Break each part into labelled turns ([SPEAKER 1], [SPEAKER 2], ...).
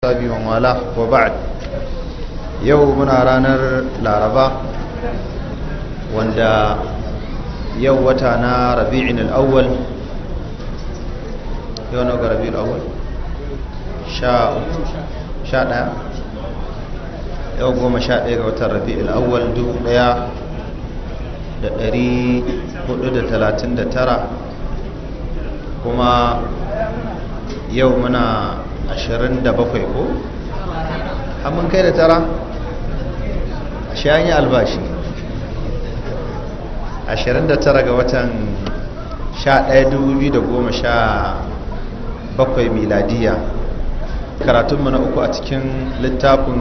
[SPEAKER 1] sabi wa wala wa ba'd yau muna ranar laraba wanda yau wata na rabi'in al'awwal yau na ga rabi'in al'awwal sha daya yau goma sha daya ga watan rabi'in al'awwal dubu ɗaya da ɗari hudu da talatin da tara kuma yau muna ashirin da bakwai ko? amin kai da tara? shayanya albashi ashirin da tara ga watan sha ɗaya dubu biyu da goma sha bakwai miladiya karatunmu na uku a cikin littafin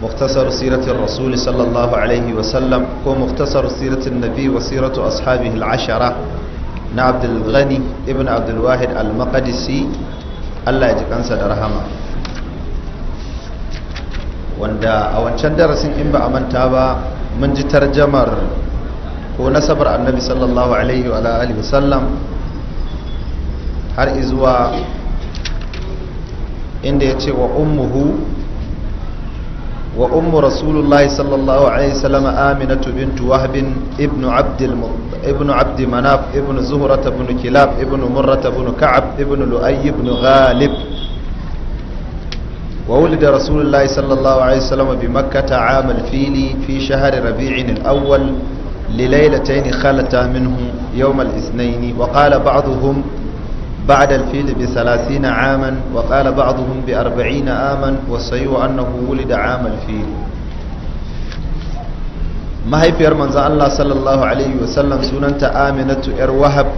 [SPEAKER 1] muktasar siratun rasuli sallallahu alaihi wasallam ko muktasar siratun nabi wa siratu ashabihi al'ashara na abdulghani ibn abdulwahid al-maqadisi Allah ya ji kansa da rahama wanda a wancan darasin in ba a manta ba mun ji tarjamar ko nasabar annabi sallallahu alaihi wa alihi wasallam har izuwa inda ya ce wa ummuhu وأم رسول الله صلى الله عليه وسلم آمنة بنت وهب ابن عبد المط... ابن عبد مناف ابن زهرة بن كلاب ابن مرة بن كعب ابن لؤي بن غالب وولد رسول الله صلى الله عليه وسلم بمكة عام الفيل في شهر ربيع الأول لليلتين خلتا منه يوم الاثنين وقال بعضهم بعد الفيل بثلاثين عاما وقال بعضهم بأربعين عاما والصحيح أنه ولد عام الفيل mahaifiyar manzan Allah sallallahu Alaihi wasallam sunanta aminatu ‘yar wahab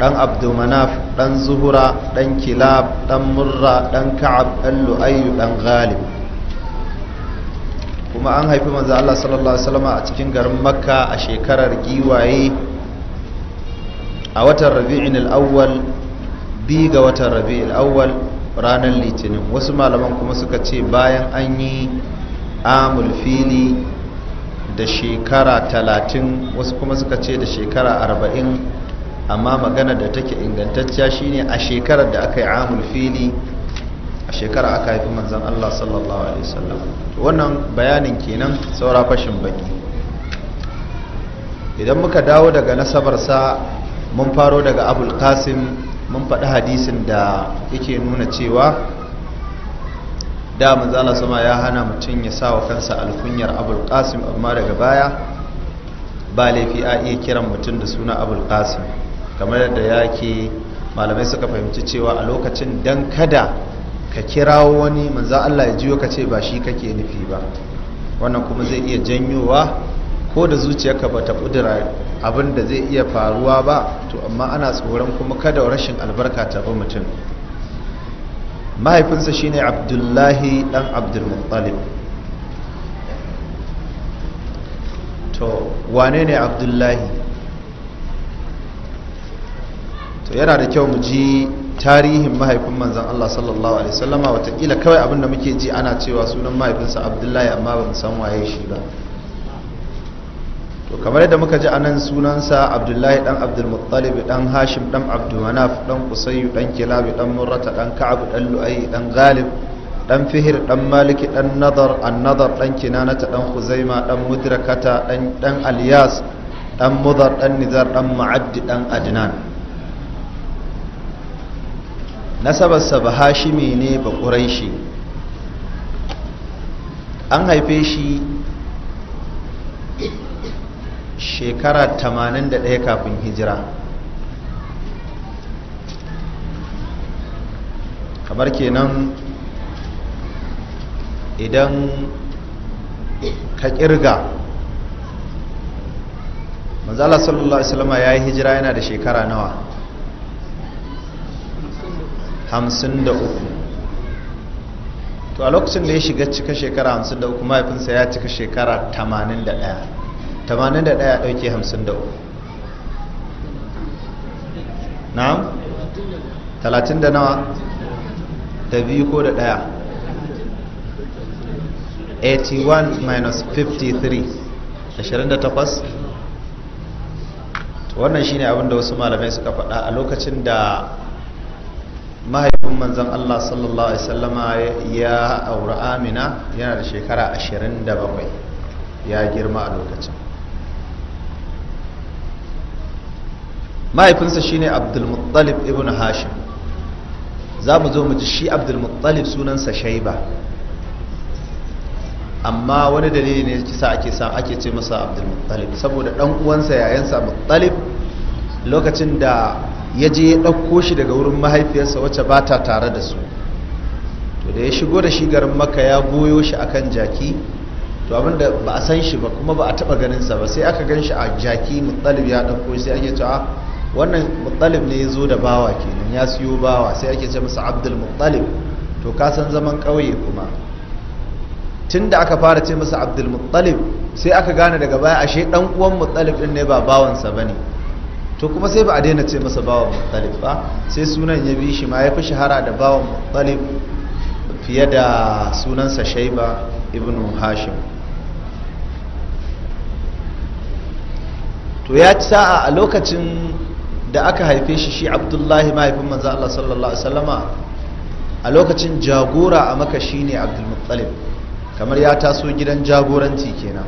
[SPEAKER 1] ɗan abdulmanaf ɗan zuhura ɗan kilab ɗan murra ɗan ka'ab ɗan lu'ayyu ɗan galib kuma an haifi manza Allah sallallahu Alaihi wasallama a cikin garin makka a shekarar giwaye a watan rabi'in al'awwal biyu ga watan rabi'ul awwal ranar litinin wasu malaman kuma suka ce bayan an yi amul fili da shekara talatin wasu kuma suka ce da shekara arba'in amma magana da take ingantacciya shine a shekarar da aka yi amul fili a shekara aka haifi manzan Allah sallallahu alaihi wasallam wannan bayanin kenan saura fashin baki idan muka dawo daga sa mun faro daga abul qasim mun faɗi hadisin da yake nuna cewa da manzala sama ya hana mutum ya sa wa kansa alkunyar abul amma daga baya ba laifi a iya kiran mutum da suna abul qasim kamar yadda ke malamai suka fahimci cewa a lokacin don kada ka kirawo wani manza Allah ya jiyo ka ce ba shi kake nufi ba wannan kuma zai iya janyowa ko da zuciyarka ta kudura abin da zai iya faruwa ba to amma ana tsoron kuma kada rashin albarka ta bi mutum mahaifinsa shine abdullahi dan abdulmuttalib to wane ne abdullahi to yana da kyau mu ji tarihin mahaifin manzan Allah sallallahu alaihi wasallama watakila kawai abinda muke ji ana cewa sunan mahaifinsa abdullahi amma ba mu san waye shi ba to kamar yadda muka ji anan sunansa abdullahi dan abdulmuttalib dan hashim dan abdulmanaf dan kusayyu dan kilabi dan murrata dan ka'ab dan lu'ai dan galib dan fihir dan maliki dan nadar nadar dan kinanata dan khuzaima dan mudrakata dan dan aliyas dan mudar dan nizar dan ma'addi dan adnan nasabarsa ba hashimi ne ba quraishi an haife shi shekara 81 kafin hijira kamar kenan idan ka kirga manzala sallallahu alaihi wasallam ya yi hijira yana da shekara nawa 53 to a lokacin da ya shiga cika shekara 53 mahaifinsa ya cika shekara 81 81 ɗauke 53 na'am 30 da nawa da biyu ko da ɗaya 81 53 28 wannan shine abinda wasu malamai suka faɗa a lokacin da mahaifin manzan Allah sallallahu Alaihi sallama ya auri amina yana da shekara 27 ya girma a lokacin mahaifinsa shine abdulmuttalib ibn hashim za mu zo mu ji shi abdulmuttalib sunansa shaiba amma wani dalili ne kisa ake sa ake ce masa abdulmuttalib saboda dan uwansa yayansa muttalib lokacin da ya je ya ɗauko shi daga wurin mahaifiyarsa wacce ba ta tare da su to da ya shigo da shi garin maka ya goyo shi akan jaki to abinda ba a san shi ba kuma ba a taɓa ganinsa ba sai aka gan shi a jaki muttalib ya ɗauko sai ake cewa ah, wannan muttalib ne ya zo da bawa ke nan ya siyo bawa sai ake ce masa abdul muttalib to ka san zaman ƙauye kuma tun da aka fara ce masa abdul muttalib sai aka gane daga baya ashe ɗan uwan muttalib ɗin ne ba bawansa bane to kuma sai ba a daina ce masa bawan muttalib ba sai sunan ya bi shi ma ya fi shahara da bawan muttalib fiye da sunansa shaiba ibnu hashim to ya ci sa'a a lokacin da aka haife shi shi abdullahi mahaifin manzan Allah sallallahu alaihi wasallama a lokacin jagora a maka shi ne muttalib kamar ya taso gidan jagoranci kenan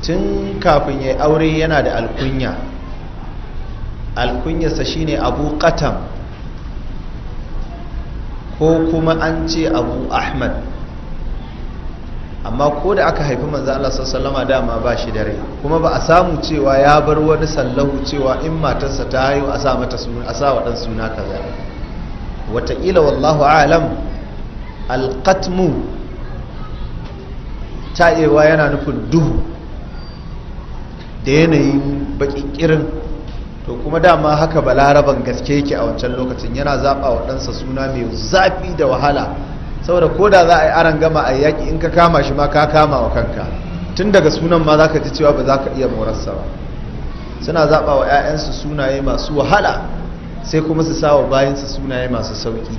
[SPEAKER 1] tun kafin ya aure yana da alkunya alkunyarsa shi ne abu qatam ko kuma an ce abu ahmad amma ko da aka haifi manzan Allah sallama dama ba shi da rai kuma ba a samu cewa ya bar wani sallahu cewa in matarsa ta haihu a sa mata suna a sa wa dan suna kaza wataƙila wallahu alam alqatmu ta'ewa yana nufin duhu da yanayin baƙin to kuma dama haka balaraban gaske yake a wancan lokacin yana zaɓa wa ɗansa suna mai zafi da wahala saboda ko da za a yi aran gama a yaƙi in ka kama shi ma ka kama wa kanka tun daga sunan ma za ka ji cewa ba za ka iya morarsa ba suna zaɓa wa 'ya'yansu sunaye masu wahala sai kuma su sawa bayansu sunaye masu sauƙi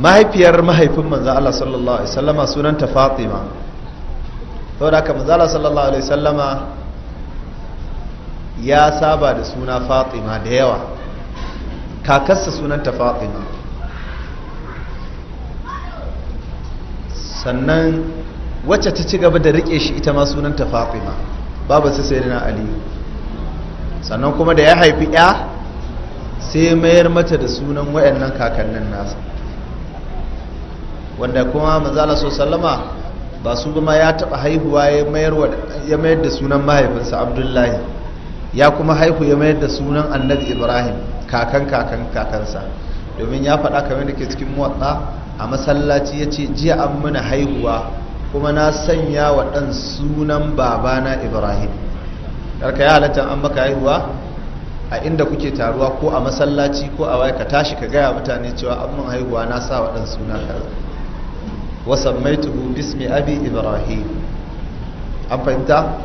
[SPEAKER 1] mahaifiyar mahaifin Manza Allah sallallahu Alaihi wasallama sunanta fatima saboda haka Manza Allah sallallahu Alaihi wasallama ya saba da suna fatima da yawa kakarsa sunanta fatima sannan wacce ta ci gaba da rike shi ita ma sunanta fatima babu su sai na ali sannan kuma da ya haifi ya sai mayar mata da sunan wayannan kakannin nasa wanda kuma mazala so sallama ba su ba ya taba haihuwa ya mayar da sunan mahaifinsa abdullahi ya kuma haihu ya mayar da sunan annabi ibrahim kakan kakan kakansa domin ya faɗa kamar da ke cikin muwatsa a masallaci ya ce jiya an muna haihuwa kuma na sanya wa ɗan sunan babana ibrahim ƙarka ya halatta an maka haihuwa a inda kuke taruwa ko a masallaci ko a waya ka tashi ka gaya mutane cewa an mun haihuwa na sa wa ɗan suna kaza wasan mai tuhu bismi abi ibrahim an fahimta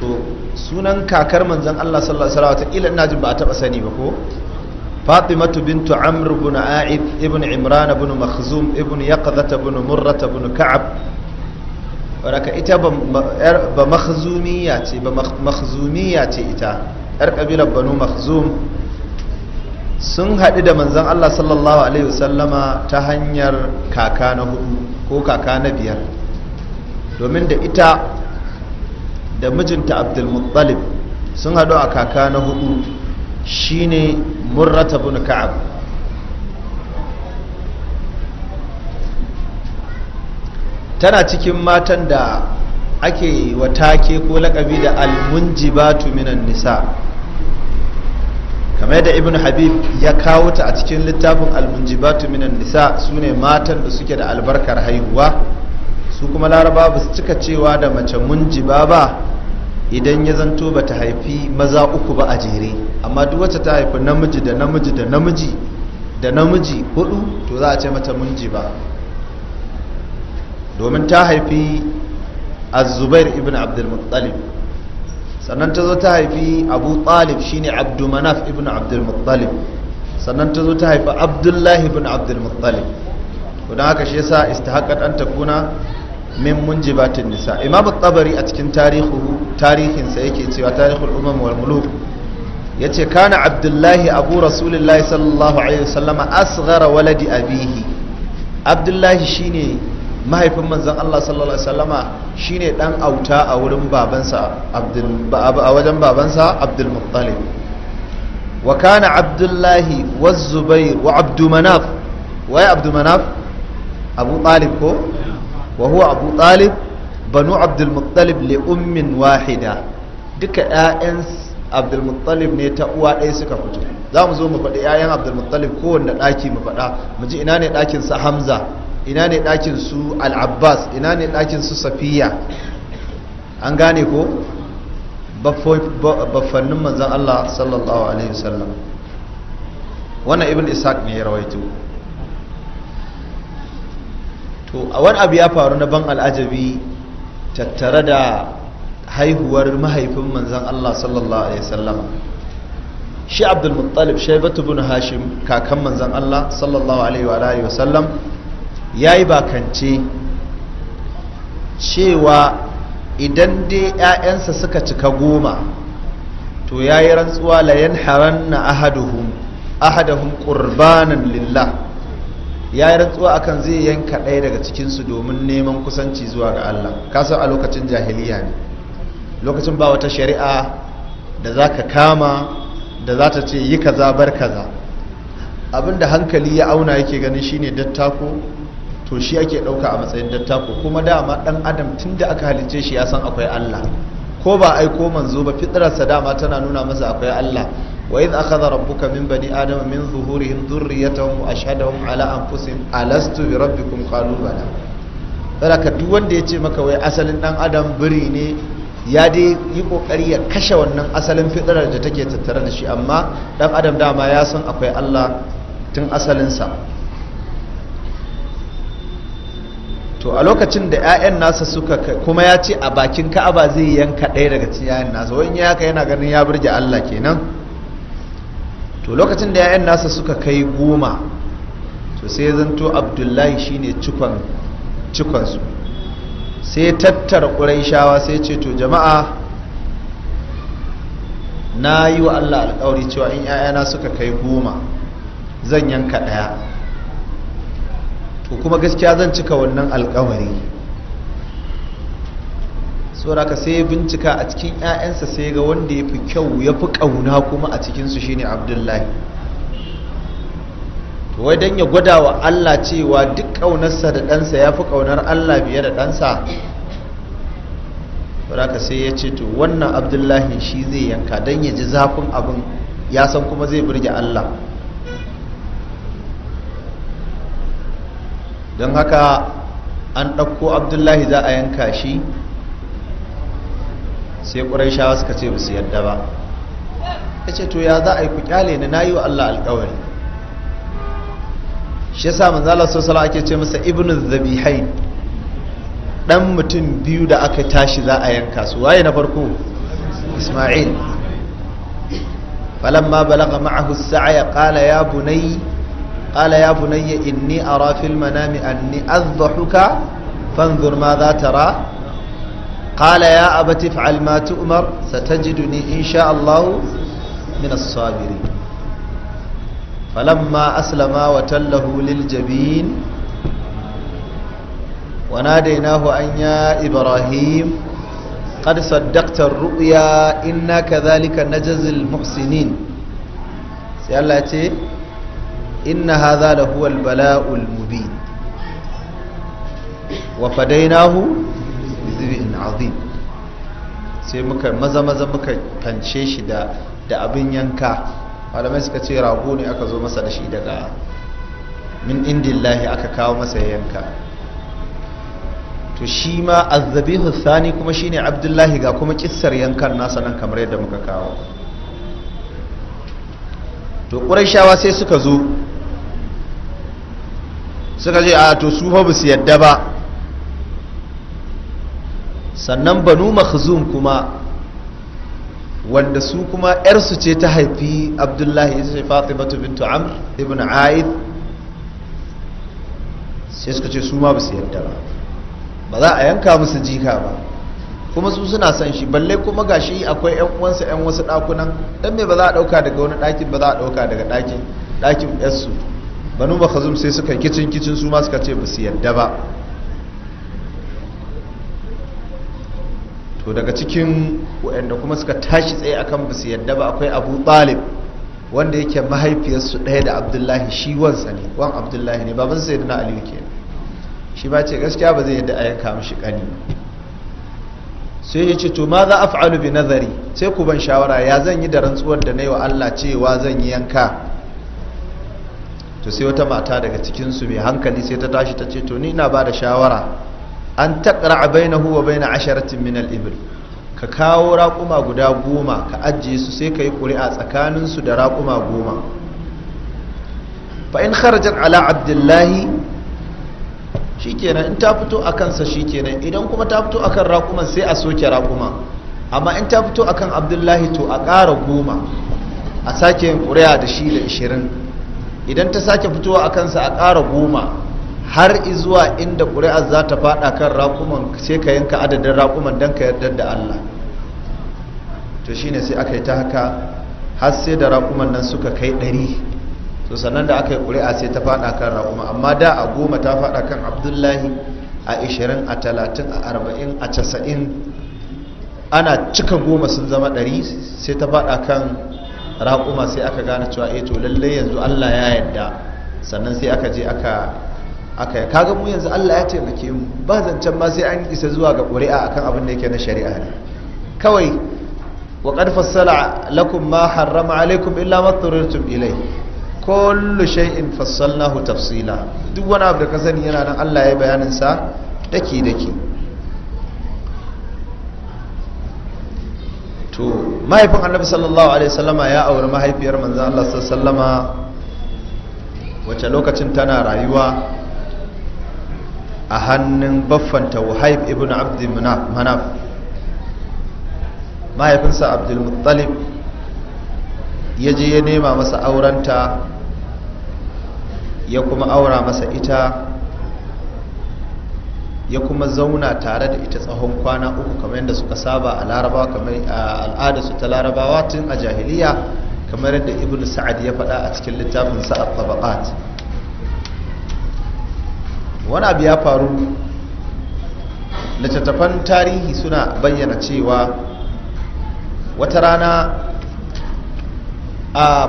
[SPEAKER 1] to sunan kakar manzan allah sallallahu alaihi wasallam ila ina jin ba a taɓa sani ba ko فاطمة بنت عمرو بن عائد ابن عمران بن مخزوم ابن يقظة بن مرة بن كعب ولك إتا بمخزومية بمخزومية إتا أرقبيل بنو مخزوم sun haɗu da manzan Allah sallallahu Alaihi wasallama ta hanyar kaka na hudu ko kaka na biyar domin da ita da mijinta abdulmuttalib sun haɗu a kaka na hudu shine murrata bin ka'ab tana cikin matan da ake watake ko lakabi da almunjibatu minan nisa kamar yadda ibn habib ya kawo ta a cikin littafin almunjibatu minan nisa su ne matan da suke da albarkar haihuwa su kuma laraba ba su cika cewa da mace munjiba ba idan ya zanto ba ta haifi maza uku ba a jere amma duk wacce ta haifi namiji da namiji da namiji da namiji hudu to za a ce mata munji ba domin ta haifi azubair ibn abdulmuttalib sannan ta zo ta haifi abu talib shine abdumanaf ibn abdulmuttalib sannan ta zo ta haifi abdullahi ibn abdulmuttalib don haka shi yasa istihaqat ɗanta kuna. min munjibatin nisa imam at-tabari a cikin tarihinsa yake cewa tarihul umam wal muluk yace kana abdullahi abu rasulullahi sallallahu alaihi wasallam asghara waladi abihi abdullahi shine mahaifin manzon Allah sallallahu alaihi wasallama shine dan auta a wurin babansa abdul a wajen babansa abdul muttalib wa kana abdullahi wa zubair wa abdu manaf wai abdu manaf abu talib ko wa huwa abu talib banu abdulmuttalib li ummin wahida duka 'ya'yan abdulmuttalib ne ta uwa ɗaya suka fito za mu zo mu faɗi 'ya'yan abdulmuttalib kowanne ɗaki mu faɗa mu ji ina ne ɗakin su hamza ina ne ɗakin su ina ne ɗakin safiya an gane ko baffannin manzan allah sallallahu alaihi wasallam wannan ibn ishaq ne ya rawaito to a wani abu ya faru na ban al'ajabi tattare da haihuwar mahaifin manzan Allah sallallahu alaihi wasallam shi abdulmuttalib shai shaibatu bin hashim kakan manzan Allah sallallahu alaihi wasallam ya yi bakance cewa idan dai 'ya'yansa suka cika goma to ya yi rantsuwa la'yan yanharanna ahaduhum ahadahum ƙurbanin lillah ya yi rantsuwa akan zai yanka ɗaya daga cikinsu domin neman kusanci zuwa ga Allah kasan a lokacin jahiliya ne lokacin ba wata shari'a da za ka kama da za ta ce yi kaza bar kaza abinda hankali ya auna yake ganin shine dattako to shi ake ɗauka a matsayin dattako kuma dama ɗan adam tun da aka halicce shi ya san akwai Allah ko ba aiko manzo ba fitararsa dama tana nuna masa akwai Allah وإذ أخذ ربك من بني آدم من ظهورهم ذريتهم وأشهدهم على أنفسهم ألست بربكم قالوا بلى saboda duk wanda ya ce maka wai asalin dan adam biri ne ya dai yi kokari ya kashe wannan asalin fitarar da take tattare da shi amma dan adam dama ya san akwai Allah tun asalinsa to a lokacin da 'ya'yan nasa suka kuma ya a bakin ka'aba zai yanka ɗaya daga cikin 'ya'yan nasa wani ya haka yana ganin ya burge Allah kenan to lokacin da 'ya'yan nasa suka kai goma to sai zanto abdullahi shine cikon cikonsu sai tattara ƙuraishawa sai ce to jama'a na yi wa allah alƙawari cewa in 'ya'yana suka kai goma zan yanka ɗaya to kuma gaskiya zan cika wannan alƙawari. saboda sai bincika a cikin 'ya'yansa sai ga wanda ya fi kyau ya fi ƙauna kuma a cikinsu shine abdullahi wai don ya gwada wa allah cewa duk ƙaunarsa da ɗansa ya fi ƙaunar allah biye da ɗansa saboda sai ya ce to wannan abdullahi shi zai yanka don ya ji zafin abin ya san kuma zai birge allah don haka an ɗauko abdullahi za a yanka shi sai ƙuraishawa suka ce su yadda ba ya ce to ya za a yi ku kyale ni na yi wa Allah alƙawari shi yasa manzala sosala ake ce masa ibnu zabihain dan mutum biyu da aka tashi za a yanka su waye na farko isma'il falamma balaga ma'ahu as-sa'ya qala ya bunayya قال يا بني إني أرى في المنام أني أذبحك فانظر ماذا tara. قال يا أبت افعل ما تؤمر ستجدني إن شاء الله من الصابرين فلما أسلما وتله للجبين وناديناه أن يا إبراهيم قد صدقت الرؤيا إنا كذلك نجزي المحسنين سيالة إن هذا لهو البلاء المبين وفديناه azim sai muka maza maza muka fance shi da da abin yanka malamai suka ce rago ne aka zo masa da shi daga min indillahi aka kawo masa yanka to shi ma azzabihu thani kuma shine abdullahi ga kuma kissar yankan nasa nan kamar yadda muka kawo to qurayshawa sai suka zo suka ce a to su fa su yadda ba sannan banu makhzum kuma wanda su kuma yarsu ce ta haifi abdullahi ita ce fatimatu bintu amr ibn aid sai suka ce su ma ba su yadda ba ba za a yanka musu jika ba kuma su suna son shi balle kuma ga shi akwai yan uwansa yan wasu dakunan dan me ba za a dauka daga wani daki ba za a dauka daga dakin dakin yarsu banu makhzum sai suka kicin kicin su ma suka ce ba su yadda ba to daga cikin waɗanda kuma suka tashi tsaye akan basu yadda ba akwai abu talib wanda yake mahaifiyarsu ɗaya da abdullahi shi wansa ne wan abdullahi ne baban sai na aliyu ke shi ba ce gaskiya ba zai yadda a yanka mashi ƙani sai ya ce to ma za a fa'alu bi nazari sai ku ban shawara ya zan yi da rantsuwar da na yi wa allah cewa zan yi yanka to sai wata mata daga cikinsu mai hankali sai ta tashi ta ce to ni ina ba da shawara an taqra huwa bai na asharatin minal al ka kawo raƙuma guda goma ka ajiye su sai ka yi ƙuri'a tsakaninsu da raƙuma goma fa'in harajar ala abdullahi shi kenan in ta fito a kansa shi kenan idan kuma ta fito a kan raƙuman sai a soke raƙuma amma in ta fito a kan abdullahi to a ƙara goma a sake yin ƙuri'a da shi da ishirin idan ta sake fitowa a kansa a ƙara goma har izuwa inda ƙuri'ar za ta faɗa kan raƙuman sai ka yanka adadin raƙuman don ka yarda da Allah to shine sai aka yi ta haka har sai da raƙuman nan suka kai ɗari to sannan da aka yi ƙuri'a sai ta faɗa kan raƙuma amma da a goma ta faɗa kan abdullahi a ishirin a talatin a arba'in a casa'in ana cika goma sun zama ɗari sai ta faɗa kan raƙuma sai aka gane cewa eh to lallai yanzu Allah ya yarda sannan sai aka je aka aka kaga mu yanzu Allah ya taimake mu ba zancen ma sai an isa zuwa ga ƙuri'a akan abin da yake na shari'a ne kawai wa qad fassala lakum ma harrama alaykum illa ma tururtum ilay kullu shay'in fassalnahu tafsila duk wani abu da ka sani yana nan Allah ya bayanin sa daki daki to mahaifin annabi sallallahu alaihi wasallama ya auri mahaifiyar manzon Allah sallallahu alaihi wasallama wace lokacin tana rayuwa a hannun baffanta wahaib ibn abdulmanaf manaf mahaifinsa abdulmuttalib ya je ya nema masa aurenta ya kuma aura masa ita ya kuma zauna tare da ita tsahon kwana uku kamar yadda suka saba a larabawa kamar al'ada su ta larabawa tun a jahiliya kamar yadda ibn sa'ad ya faɗa a cikin littafin sa'ad tabaqat wani abu ya faru littattafan tarihi suna bayyana cewa wata rana a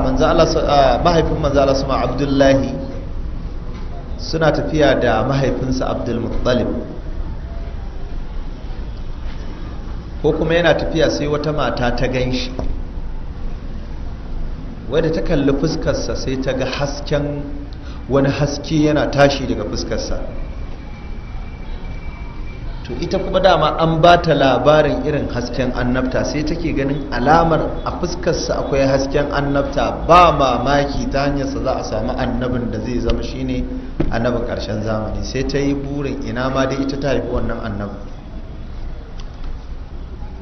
[SPEAKER 1] mahaifin manzala suma abdullahi suna tafiya da mahaifinsa abdulmuttalib ko kuma yana tafiya sai wata mata ta gan shi wadda ta kalli fuskarsa sai ta ga hasken wani haske yana tashi daga fuskarsa to ita kuma dama an ba ta labarin irin hasken annabta sai take ganin alamar a fuskarsa akwai hasken annabta ba mamaki ta hanyarsa za a samu annabin da zai zama shine annabin karshen zamani sai ta yi burin ina ma dai ita ta haifi wannan annabin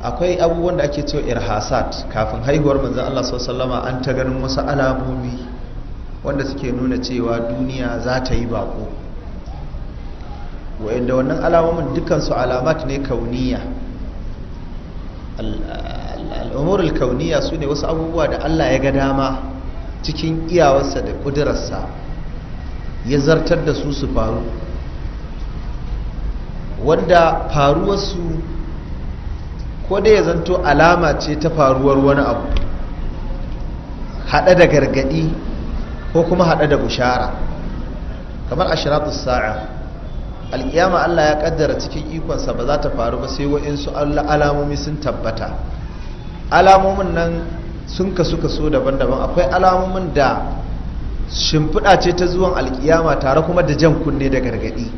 [SPEAKER 1] akwai abubuwan da ake cewa irhasat kafin haihuwar manzan Allah sallama an ta ganin wasu alamomi wanda suke nuna cewa duniya za ta yi bako inda wannan alamomin dukansu alamat ne kauniya al'umurul kauniya su ne wasu abubuwa da allah ya ga dama cikin iyawarsa da ƙudurarsa ya zartar da su su faru wanda faruwarsu ko da ya zanto alama ce ta faruwar wani abu haɗe da gargaɗi ko kuma haɗe da bushara kamar ashiratu sa'a alƙiyama Allah ya ƙaddara cikin ikonsa ba za ta faru ba sai wa'insu alamomi sun tabbata alamomin nan sun kasu kaso daban-daban akwai alamomin da shimfiɗa ce ta zuwan alƙiyama tare kuma da jan kunne da gargaɗi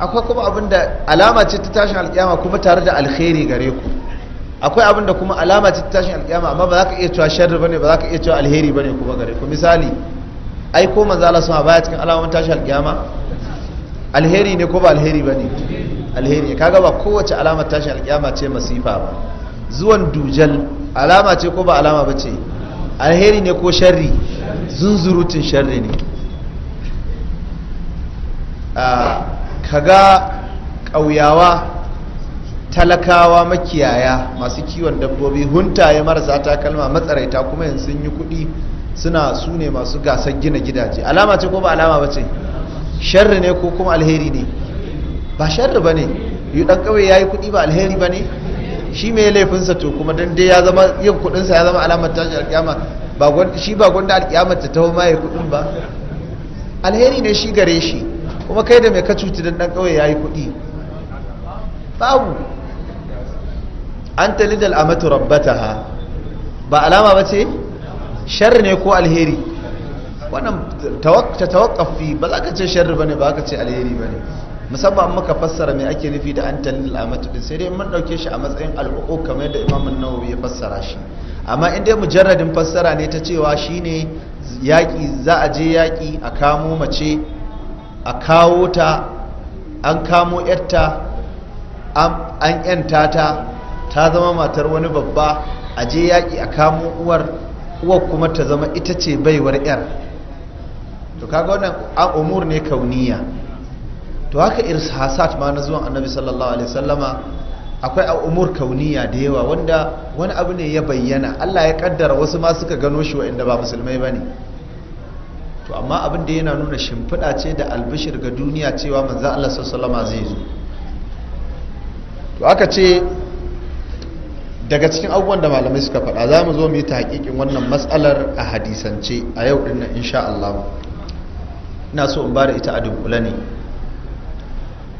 [SPEAKER 1] akwai kuma abin da alama ce ta tashin alƙiyama kuma tare da alkhairi gare ku akwai abin da kuma alama ce ta tashin alƙiyama amma ba za ka iya cewa sharri bane ba za ka iya cewa alheri bane kuma gare ku misali ai ko manzo Allah sun baya cikin alamomin tashi alkiyama alheri ne ko ba alheri bane alheri ne kaga ba kowace alamar tashi alkiyama ce masifa ba zuwan dujal alama ce ko ba alama bace alheri ne ko sharri zunzurutun sharri ne kaga ƙauyawa talakawa makiyaya masu kiwon dabbobi huntaye marasa takalma matsaraita kuma yanzu sun yi kuɗi suna su ne masu gasar gina gidaje alama ce ko ba alama ba ce sharri ne ko kuma alheri ne ba sharri ba ne yi ɗan kawai ya yi kuɗi ba alheri ba ne shi mai laifinsa to kuma don dai ya zama yin kuɗinsa ya zama alamar tashi alƙiyama shi ba gwanda alƙiyamar ta taho ma ya kuɗin ba alheri ne shi gare shi kuma kai da mai ka cuti don ɗan kawai ya yi kuɗi babu an talidal amatu rabbataha ba alama ba ce shar ne ko alheri wannan ta tawakafi ba za ka ce shar ba ne ba ka ce alheri ba ne musamman muka fassara mai ake nufi da an talil amatu sai dai mun ɗauke shi a matsayin al'uku kamar yadda imam nawawi ya fassara shi amma in dai mujarradin fassara ne ta cewa shi ne yaƙi za a je yaƙi a kamo mace a kawo ta an kamo yarta an yanta ta ta zama matar wani babba a je yaƙi a kamo uwar uwar kuma ta zama ita ce baiwar yar to kaga wannan umur ne kauniya to haka irhasat ma na zuwan annabi sallallahu alaihi wasallama akwai umur kauniya da yawa wanda wani abu ne ya bayyana Allah ya kaddara wasu ma suka gano shi waɗanda ba musulmai bane to amma abin da yana nuna shimfiɗa ce da albishir ga duniya cewa manzo Allah sallallahu alaihi wasallama zai zo to aka ce daga cikin abubuwan da malamai suka faɗa za mu zo mu yi ta hakikin wannan matsalar a hadisance a yau ɗin nan insha Allah ina so in ba da ita a dubula ne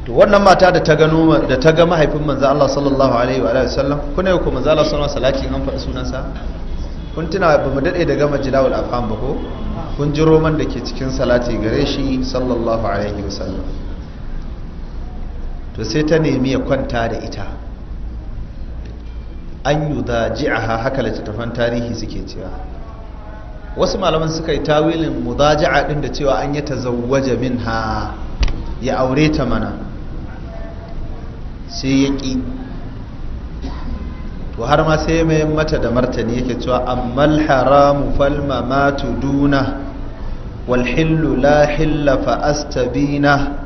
[SPEAKER 1] to wannan mata da ta gano da ta ga mahaifin manzo Allah sallallahu alaihi wa alihi wasallam kuna yau ko manzo Allah sallallahu alaihi wasallam an faɗi sunansa kun tuna ba mu dade da gama jilawul afam ba ko kun ji roman da ke cikin salati gare shi sallallahu alaihi wa sallam. to sai ta nemi ya kwanta da ita an yi daji'aha haka littattafan tarihi suke cewa wasu malaman suka yi tawilin mudaji'a din da cewa an yi tazawwaja min ha ya aure ta mana sai ya ki to har ma sai mai mata da martani yake cewa ammal haramu falma matu duna walhillu la hilla fa astabina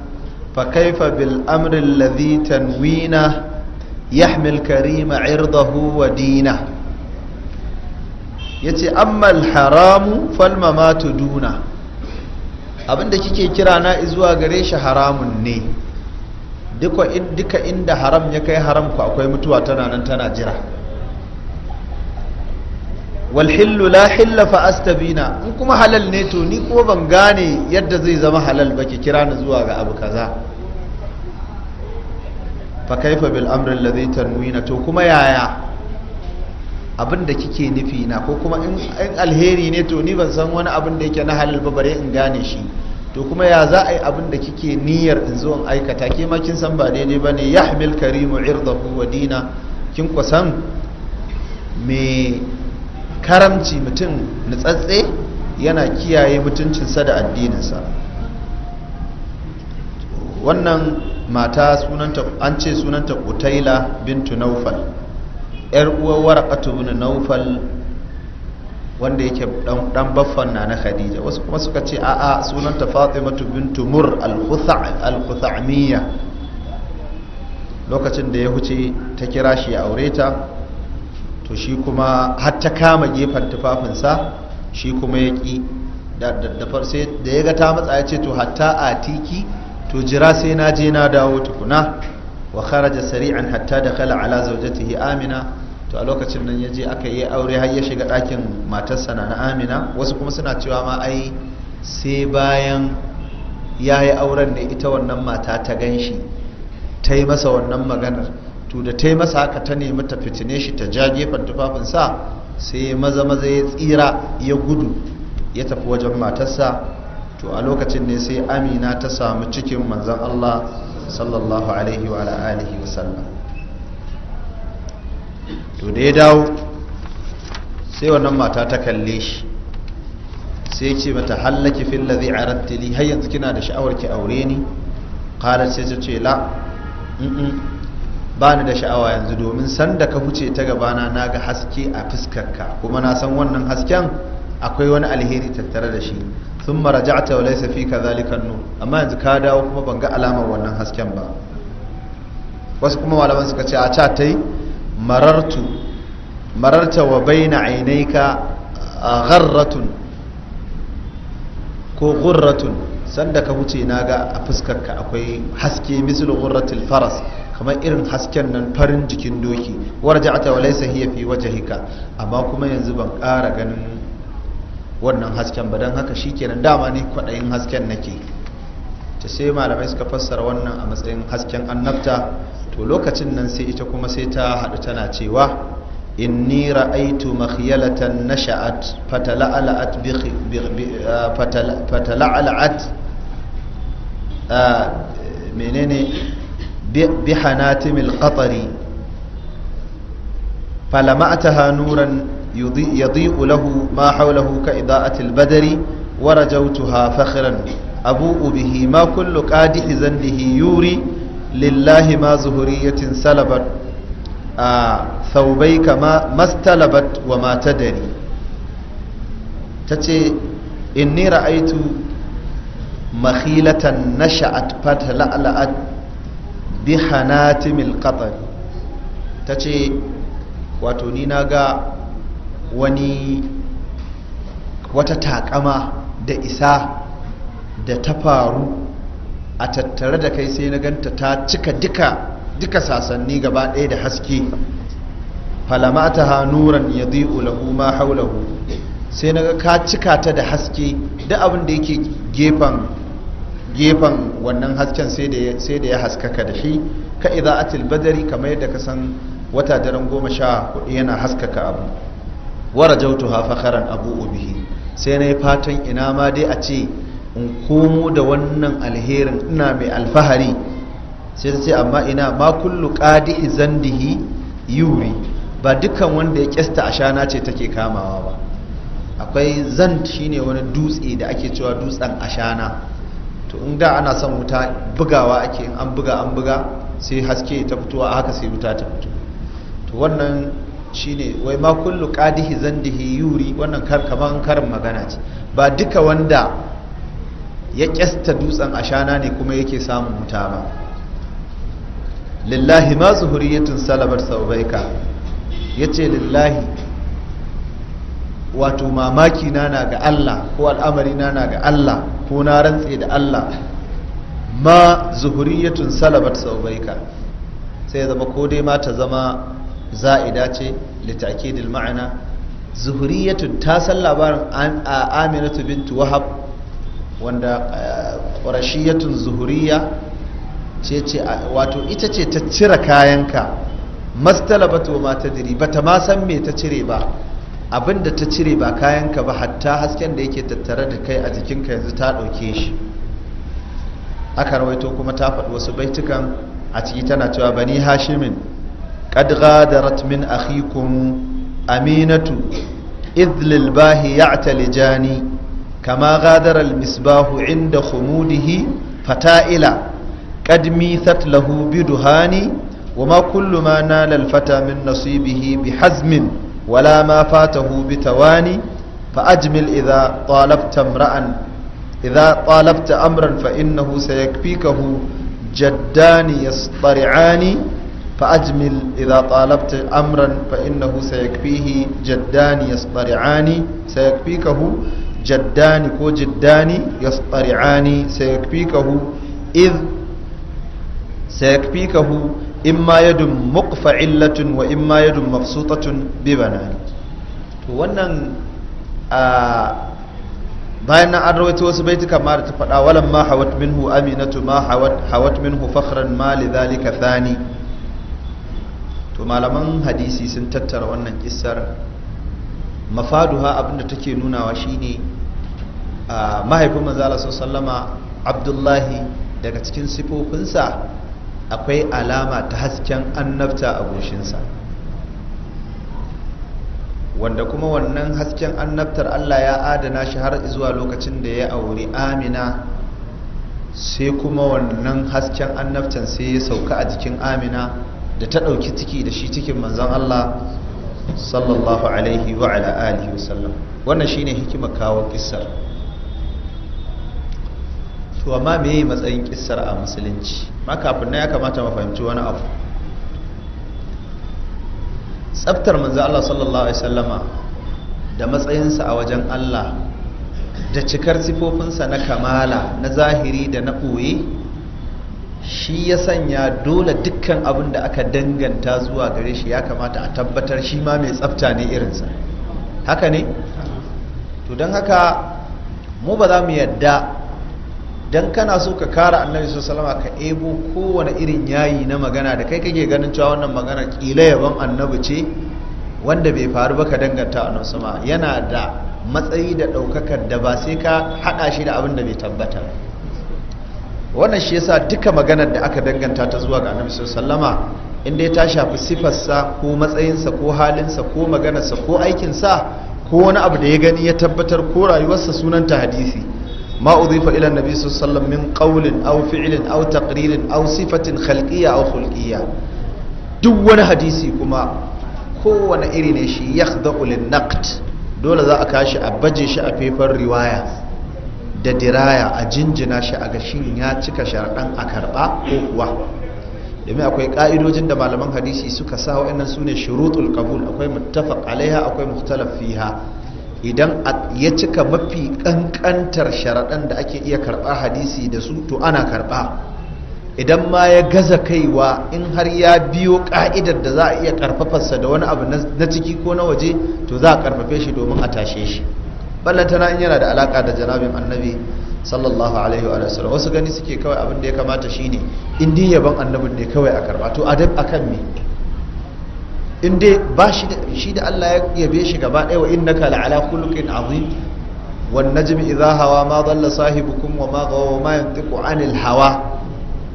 [SPEAKER 1] fa kaifa bil amrin ladhi tanwina yahmil karima irdahu wa dina yace ammal haramu falmamatu duna abinda kike kira na gare shi haramun ne duka inda haram ya kai haram ku akwai mutuwa tana nan tana jira walhillu la hilla fa astabina in kuma halal ne to ni ko ban gane yadda zai zama halal ba ki kira ni zuwa ga abu kaza fa fa bil amri alladhi tanwina to kuma yaya abin da kike nufi na ko kuma in alheri ne to ni ban san wani abin da yake na halal ba bare in gane shi to kuma ya za a yi abin da kike niyyar in zo in aikata ke ma kin san ba daidai bane yahmil karimu irdahu wa dina kin kusan me karamci mutum nutsatse yana kiyaye mutuncinsa da addininsa wannan mata sunanta an ce sunanta utaila bintu naufal yar uwar warqatu bin naufal wanda yake dan baffan na na khadija wasu kuma suka ce a'a sunanta fatimatu bintu mur al-khuthamiyya lokacin da ya huce ta kira shi ya aure ta to shi kuma har ta kama gefen tufafinsa shi kuma ya da ya ga ta matsa ya ce to hatta a tiki to jira sai na je na dawo tukuna wa kharaja sari'an hatta da kala ala zawjatihi amina to a lokacin nan ya je aka yi aure har ya shiga ɗakin matarsa na amina wasu kuma suna cewa ma ai sai bayan ya yi auren da ita wannan mata ta gan shi ta masa wannan maganar to da ta masa haka ta nemi ta fitine shi ta ja gefen tufafinsa sai maza maza ya tsira ya gudu ya tafi wajen matarsa to a lokacin ne sai amina ta samu cikin manzan allah sallallahu alaihi wa alihi wasallam to da ya dawo sai wannan mata ta kalle shi sai ce mata hallaki fil ladhi arattili har yanzu kina da sha'awar ki aure ni Ƙarar sai ta ce la ba ni da sha'awa yanzu domin sanda ka huce ta gabana na ga haske a fuskarka kuma na san wannan hasken akwai wani alheri tattare da shi sun maraja'ata wa laisa fi ka zalikan nur amma yanzu ka dawo kuma ban ga alamar wannan hasken ba wasu kuma malaman suka ce a ca ta yi marartu mararta wa baina ainaika gharratun ko gurratun sanda ka wuce na ga a fuskarka akwai haske mislu gurratul faras kamar irin hasken nan farin jikin doki warja'ata wa laisa hiya fi wajhika amma kuma yanzu ban ƙara ganin wannan hasken ba don haka shi kenan dama ne kwaɗayin hasken nake ta sai malamai suka fassara wannan a matsayin hasken annabta to lokacin nan sai ita kuma sai ta haɗu tana cewa inni ra'aitu makhyalatan nasha'at fatala'alat fatala'alat menene bihanatimil qatari falama'ataha nuran يضيء له ما حوله كإضاءة البدر ورجوتها فخرا أبوء به ما كل قادح ذنبه يوري لله ما زهرية سلبت آه ثوبيك ما, ما استلبت وما تدري تتي إني رأيت مخيلة نشأت فتلألأت بحناتم القطر تتي واتوني ناقا wani wata takama da isa da ta faru a tattare da kai sai na ganta ta cika duka duka sasanni gaba ɗaya da haske falamata ha nuran ya lahu ma haulahu sai na ga ka cika ta da haske da abin da yake gefen gefen wannan hasken sai da ya haskaka da shi ka idza atil badari kamar yadda ka san wata daren goma sha hudu yana haskaka abu warajautuha karan abu bihi sai na yi fatan ina ma dai a ce in komo da wannan alherin ina mai alfahari sai ta ce amma ina ma kullu qadihi zandihi yuri ba dukkan wanda ya kyasta ashana ce take kamawa ba akwai zand shine wani dutse da ake cewa dutsen ashana to in da ana son wuta bugawa ake in an buga an buga sai haske ta fitowa haka sai wuta ta fito to wannan shine wai ma kullu qadihi zandihi yuri wannan kar kaman karin magana ce ba duka wanda ya kyasta dutsen ashana ne kuma yake samun wuta ba lillahi ma zuhuriyatun salabar saubaika yace lillahi wato mamaki na na ga Allah ko al'amari na na ga Allah ko na rantse da Allah ma zuhuriyatun salabat saubaika sai zama ko dai ma ta zama za'ida ce litakidil ma'ana zuhuriyatu ta san labarin aminatu bintu wahab wanda ƙwarashiyatun eh, zuhuriya ce ce wato ita ce ta cire kayanka mastalabatu ma ta diri ba ta ma san me ta cire ba abinda ta cire ba kayanka ba hatta hasken da yake tattare da kai a jikinka yanzu ta ɗauke shi aka rawaito kuma ta faɗi wasu baitukan a ciki tana cewa bani hashimin قد غادرت من أخيكم أمينة إذ للباه يعتلجان كما غادر المصباح عند خموده فتائلا قد ميثت له بدهان وما كل ما نال الفتى من نصيبه بحزم ولا ما فاته بتواني فأجمل إذا طالبت امرأ إذا طالبت أمرا فإنه سيكفيكه جدان يسطرعان فأجمل إذا طالبت أمرا فإنه سيكفيه جدان يصطرعان سيكفيكه جدان كو جدان يصطرعان سيكفيكه إذ سيكفيكه إما يد مقفعلة وإما يد مبسوطة ببنان wannan bayan na an rawaito wasu baiti kamar ta faɗa walan ma hawat minhu aminatu ma hawat minhu fakhran ma lidhalika thani to malaman hadisi sun tattara wannan kissar mafaduha abinda take nunawa shine mahaifin manzala sun sallama abdullahi daga cikin sifofinsa akwai alama ta hasken annabta a goshinsa wanda kuma wannan hasken annabtar allah ya adana shi har zuwa lokacin da ya auri amina sai kuma wannan hasken annabtan sai ya sauka a jikin amina da ta ɗauki ciki da shi cikin manzan Allah sallallahu alaihi wa ala alihi wa sallam wannan shine hikimar kawo kissar to amma me yi matsayin kissar a musulunci ma kafin na ya kamata mu fahimci wani abu tsaftar manzo Allah sallallahu alaihi wasallama da matsayinsa a wajen Allah da cikar sifofinsa na kamala na zahiri da na ɓoye shi ya sanya dole dukkan abin da aka danganta zuwa gare shi ya kamata a tabbatar shi ma mai tsafta ne irinsa haka ne to don haka mu ba za mu yadda don kana so ka kara annabi su salama ka ebo kowane irin yayi na magana da kai kake ganin cewa wannan magana kila yaban annabi ce wanda bai faru ba ka danganta a sama yana da matsayi da ɗaukakar da ba sai ka haɗa shi da abin da bai tabbata ba wannan shi yasa duka maganar da aka danganta ta zuwa ga annabi sallama inda ya ta shafi sifarsa ko matsayinsa ko halinsa ko maganarsa ko aikinsa ko wani abu da ya gani ya tabbatar ko rayuwarsa sunanta hadisi ma udhifa ila annabi sallallahu min qawlin aw fi'lin aw taqririn aw sifatin khalqiyya aw khulqiyya duk wani hadisi kuma kowane iri ne shi yakhda'u lin naqd dole za a kashi a baje shi a fefan riwaya da diraya a jinjina shi a gashin ya cika sharaɗan a karɓa ko kuwa domin akwai ƙa'idojin da malaman hadisi suka sa wa'annan su ne shirutul qabul akwai muttafaq alaiha akwai mukhtalaf fiha idan ya cika mafi ƙanƙantar sharaɗan da ake iya karɓa hadisi da su to ana karɓa idan ma ya gaza kaiwa in har ya biyo ƙa'idar da za a iya karfafarsa da wani abu na ciki ko na waje to za a karfafe shi domin a tashe shi ballantana in yana da alaka da janabin annabi sallallahu alaihi wa sallam wasu gani suke kawai abin da ya kamata shine in dai yaban annabin ne kawai a karba to adab akan me in dai ba shi da shi da Allah ya yabe shi gaba ɗaya wa innaka la'ala khuluqin azim wan najmi idha hawa ma dhalla sahibukum wa ma gawa wa ma yantiqu anil hawa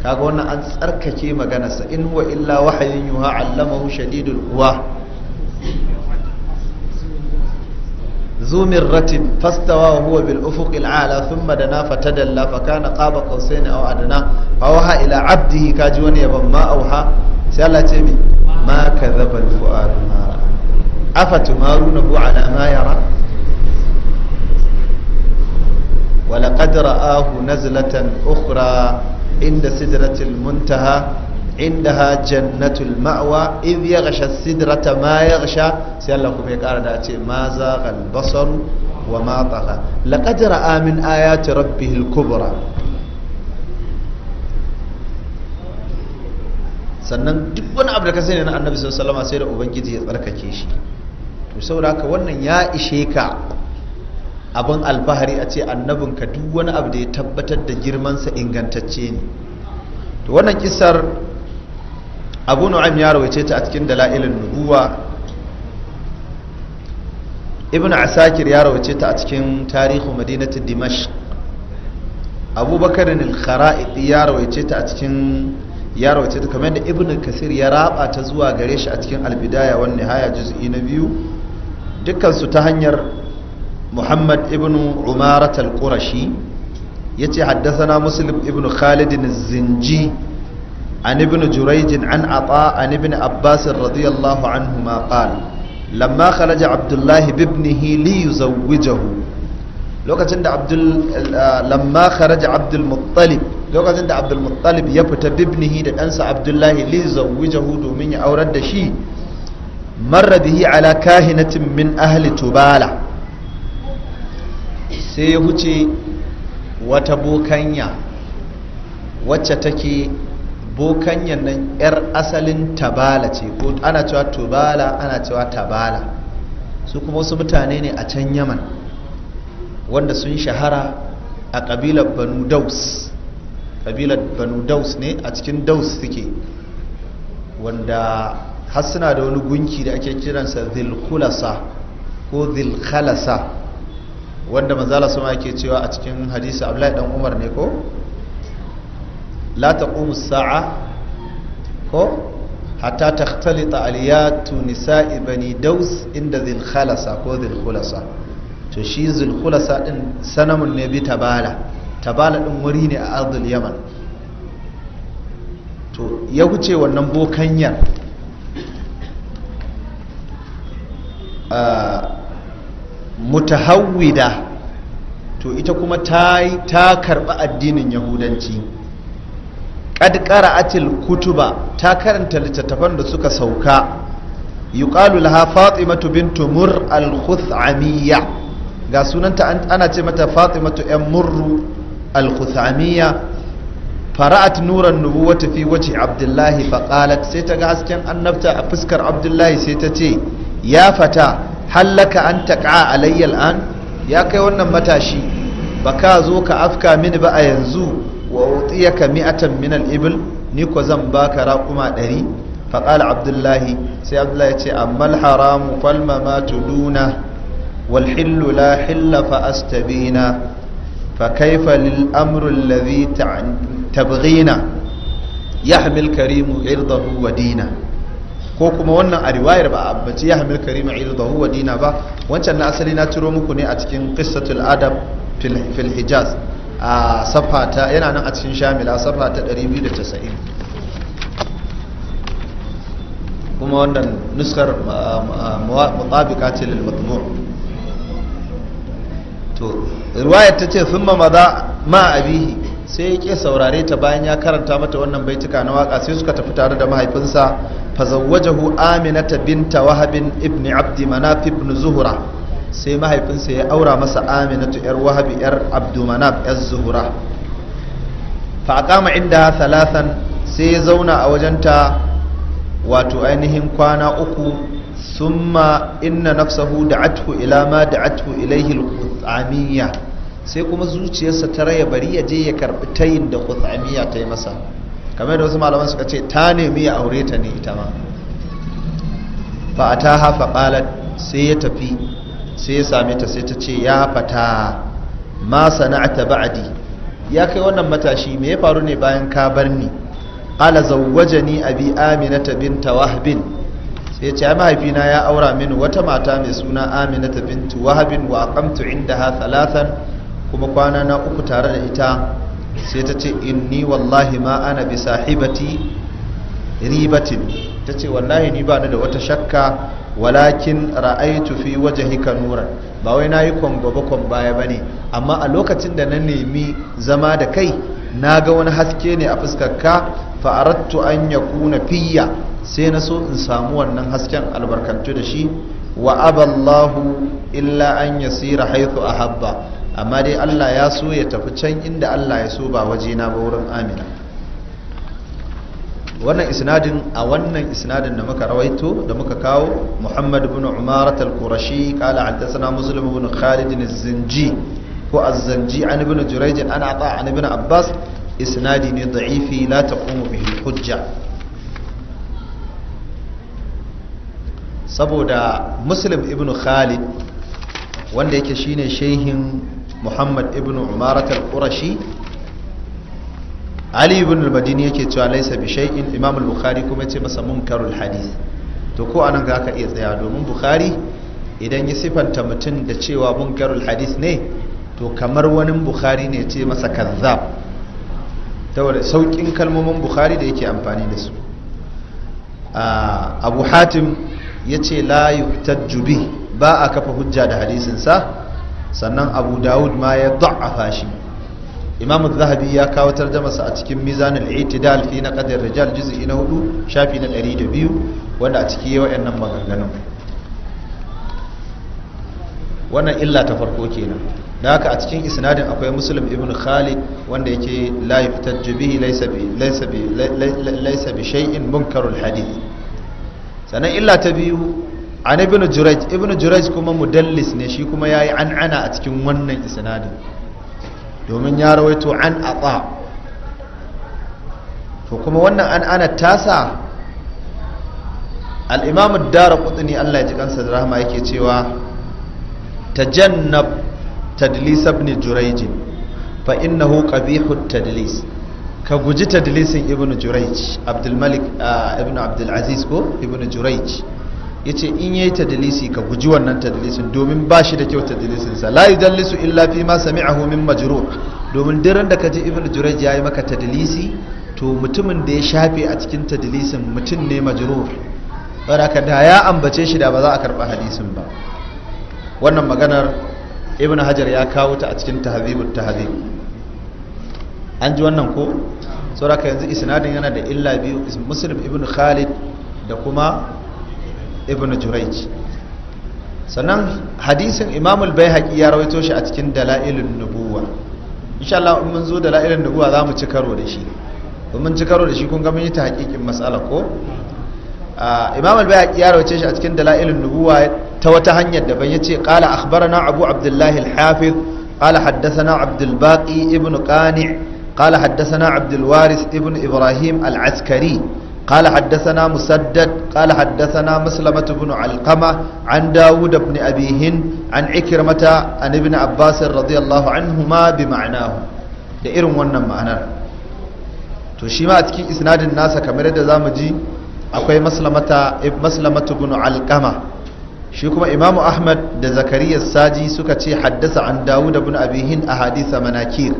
[SPEAKER 1] kaga wannan an tsarkake maganarsa in huwa illa wahayin yuha allamahu shadidul quwa zumin ratin fastawa wa huwa bil ufuq al ala thumma dana fatadalla fa kana qaba qawsayn aw adana fa ila abdihi kaji wani yaban ma auha sai Allah ce mi ma kadhaba al fuad ma afatumaruna bu ala ma yara wa laqad ra'ahu nazlatan ukhra inda sidratil muntaha indaha jannatul ma'wa idh yaghsha sidrata ma yaghsha sai Allah kuma ya kara da ce ma zaghal basar wa ma tagha laqad ra'a min ayati al sannan duk wani abu da ka sani na annabi sallallahu alaihi sai da ubangiji ya tsarkake shi to saboda haka wannan ya ishe ka abin alfahari a ce ka duk wani abu da ya tabbatar da girman sa ingantacce ne to wannan kisar abu nu'am ya rawaice ta a cikin dala'ilin nubuwa ibn asakir ya rawace ta a cikin tarihu madinati dimash abubakar al-khara'id ya rawace ta a cikin ya rawace ta kamar da ibn kasir ya raba ta zuwa gare shi a cikin albidaya wani nihaya juz'i na biyu dukkan ta hanyar muhammad ibn umarat al-qurashi yace haddathana muslim ibn khalid az-zinji عن ابن جريج عن عطاء عن ابن عباس رضي الله عنهما قال لما خرج عبد الله بابنه ليزوجه lokacin da abdul lamma ya fita bibnihi da ɗansa abdullahi li zawwijahu domin ya aurar da shi marra bihi ala kahinatin min ahli tubala sai ya wuce wata bokanya wacce take bokanyan nan yar asalin tabala ce ko ana cewa tubala ana cewa tabala su kuma wasu mutane ne a can yaman wanda sun shahara a ƙabilar banu daus ƙabilar banu daus ne a cikin daus suke wanda har suna da wani gunki da ake kiransa zilkulasa ko zilkhalasa wanda manzala sama ake cewa a cikin hadisi abu dan umar ne ko la taqumu sa'a ko hatta takhtalita aliyatu nisa'i bani daus inda zil ko zil to shi zil ɗin sanamun ne bi tabala tabala din wuri ne a ardul yaman to ya wuce wannan bokanyar mutahawwida to ita kuma ta karɓi addinin yahudanci qad qara'atil kutuba ta karanta littattafan da suka sauka yuqalu laha fatimatu bintu mur al-khuthamiyya ga sunanta ana ce mata fatimatu yan mur al-khuthamiyya fara'at nuran nubuwata fi wace abdullahi faqalat sai ta ga hasken annabta a fuskar abdullahi sai ta ce ya fata "halaka an taqa alayya an ya kai wannan matashi baka zo ka afka mini ba a yanzu wa ka mi'atan min al-ibil ni ko zan baka raquma 100 fa abdullahi sai abdullahi yace ammal haramu fal ma duna wal hillu la hilla fa astabina fa kayfa lil amru alladhi tabghina yahmil karimu irdahu wa dina ko kuma wannan a riwayar ba a bace yahmil karimu irdahu wa dina ba wancan na asali na ciro muku ne a cikin qissatul adab fil hijaz a safata yana nan a cikin shamila safata 290 kuma wannan nuskar mutabika ce lil matmu to riwayar ta ce thumma maza ma abihi sai ya ke saurare ta bayan ya karanta mata wannan baituka na waka sai suka tafi tare da mahaifinsa fazawwajahu aminata binta wahabin ibn abdi manaf ibn zuhra sai mahaifinsa ya aura masa aminatu yar wahabi yar abdumanab yar zuhura fa kama inda thalathan sai ya zauna a wajenta wato ainihin kwana uku summa inna nafsahu da'athu ila ma da ilayhi al-quthamiyya sai kuma zuciyarsa ta raya bari ya je ya karbi tayin da quthamiyya ta yi masa kamar da wasu malaman suka ce ta nemi ya aure ta ne ita ma fa ataha fa qalat sai ya tafi sai ya same ta sai ta ce ya fata ma sana'ata ba'di ya kai wannan matashi me ya faru ne bayan ka bar ni ala zawwajani abi aminata binta wahbin sai ya ce ya mahaifina ya aura mini wata mata mai suna aminata bintu wahbin wa aqamtu indaha thalathan kuma kwana na uku tare da ita sai ta ce inni wallahi ma ana bi sahibati ribatin ta ce wallahi ni ba ni da wata shakka walakin ra'aitu fi wajhika nuran ba wai nayi kwangwaba kwan baya bane amma a lokacin da na nemi zama da kai na ga wani haske ne a fuskarka fa aradtu an yakuna fiyya sai na so in samu wannan hasken albarkantu da shi wa aballahu illa an yasira a habba amma dai Allah ya so ya tafi can inda Allah ya so ba wajena ba wurin Amina wannan isnadin a wannan isnadin da muka rawaito da muka kawo Muhammad ibn Umarat al-Qurashi qala haddathana Muslim ibn Khalid az-Zanji ko az-Zanji an ibn Jurayj an ata an ibn Abbas isnadi ne da'ifi la taqumu bihi hujja saboda Muslim ibn Khalid wanda yake shine shehin Muhammad ibn Umarat al-Qurashi ali ibn al-madini yake cewa laisa bi shay'in imam al-bukhari kuma yace masa munkarul hadith to ko anan ga aka iya tsaya domin bukhari idan ya sifanta mutum da cewa munkarul hadith ne to kamar wani bukhari ne ce masa kazzab saboda saukin kalmomin bukhari da yake amfani da su abu hatim ya ce la yuhtajju bi ba a kafa hujja da hadisinsa sannan abu dawud ma ya da'afa shi imamu zahabi ya kawo tarjamasa a cikin mizanul itidal fi naqd rijal juz'i na 4 shafi na 102 wanda a ciki yayin wayannan maganganun wannan illa ta farko kenan da haka a cikin isnadin akwai muslim ibn khalid wanda yake la yaftaj bihi laysa bi laysa bi laysa bi shay'in munkarul hadith sannan illa ta biyu an ibn jurayj ibn jurayj kuma mudallis ne shi kuma yayi an'ana a cikin wannan isnadin domin ya rawaito an atsa to kuma wannan an ana tasa al'imamu dara kutuni allah ya ji kansa da rahama yake cewa ta janna tadlis ibn jurayj fa innahu qabihu tadlis ka guji tadlisin ibn jurayj abdul ah, ibn abdulaziz ko ibn juraij ya ce in yi tadlisi ka guji wannan tadlisin domin ba shi da kyau tadlisinsa la yudallisu illa fi ma sami'ahu min majruh domin daren da ka ji ibn ya yi maka tadlisi to mutumin da ya shafe a cikin tadalisin mutum ne majruh baraka da ya ambace shi da ba za a karba hadisin ba wannan maganar ibn hajar ya kawo ta a cikin tahzibut tahzib an ji wannan ko saboda yanzu isnadin yana da illa biyu muslim ibnu khalid da kuma ibn jurayj sannan hadisin imam al-baihaqi ya rawaito shi a cikin dalailun nubuwa insha Allah in mun zo dalailun nubuwa za mu ci karo da shi mun ci karo da shi kun ga mun yi ta hakikin mas'ala ko imam al bayhaqi ya rawaito shi a cikin dalailun nubuwa ta wata hanyar da daban yace qala akhbarana abu abdullahi al-hafiz قال حدثنا عبد Qani ابن قانع قال حدثنا waris ibn ibrahim al-askari قال حدثنا مسدد قال حدثنا مسلمة بن علقمة عن داود بن أبي هند عن عكرمة عن ابن عباس رضي الله عنهما بمعناه da irin wannan ma'anar to shi ma a cikin isnadin nasa kamar da zamu ji akwai maslamatu bin alkama shi kuma imamu ahmad da zakariya saji suka ce haddasa an dawud bin abihin a hadisa manakir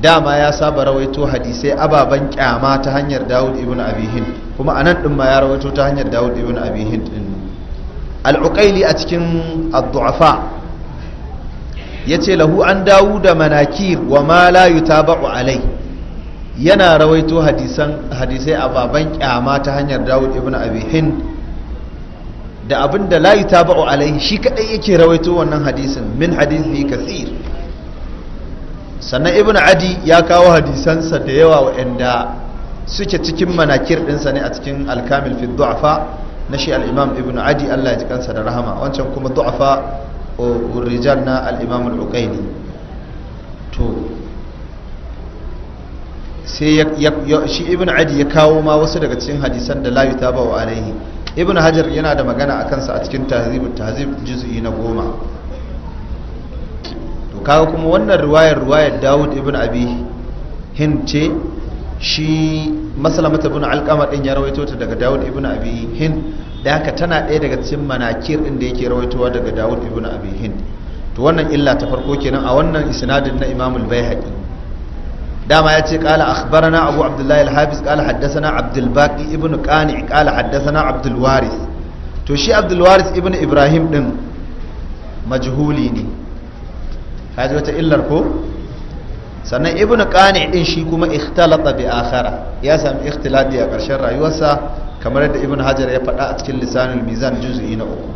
[SPEAKER 1] dama ya saba rawaito hadisai ababen kyama ta hanyar dawud ibn abihin hind kuma anan din ma ya rawaito ta hanyar dawud ibn abi din al-uqaili a cikin ad-du'afa yace lahu an dawud manakir wa ma la yutaba'u alai yana rawaito hadisan hadisai ababen kyama ta hanyar dawud ibn abihin da abinda la yutaba'u alai shi kadai yake rawaito wannan hadisin min hadisi kathir sannan ibn adi ya kawo hadisansa da yawa waɗanda suke cikin manakir ɗinsa ne a cikin alkamil fi du'afa na shi al'imam ibn adi allah ya ji kansa da rahama wancan kuma du'afa rijal na al'imam al'ukaini to sai shi ibn adi ya kawo ma wasu daga cikin hadisan da layu ta ba wa alaihi ibn hajar yana da magana a kansa a cikin tahzib tahzib juz'i na goma kaga kuma wannan ruwayar ruwayar Dawud ibn Abi hin ce shi masalamata bin alqama din ya rawaito ta daga Dawud ibn Abi hin da haka tana ɗaya daga cikin manakir din da yake rawaitowa daga Dawud ibn Abi hin to wannan illa ta farko kenan a wannan isnadin na Imam al-Baihaqi ya ce qala akhbarana Abu Abdullahi al-Habis qala haddathana Abdul Baqi ibn Qani qala haddathana Abdul Waris to shi Abdul Waris ibn Ibrahim din majhuli ne kaji wata illar ko sannan ibnu qani din shi kuma ikhtalata bi akhara ya sami ikhtilati a karshen rayuwarsa kamar yadda ibnu hajar ya fada a cikin lisanul mizan juz'i na uku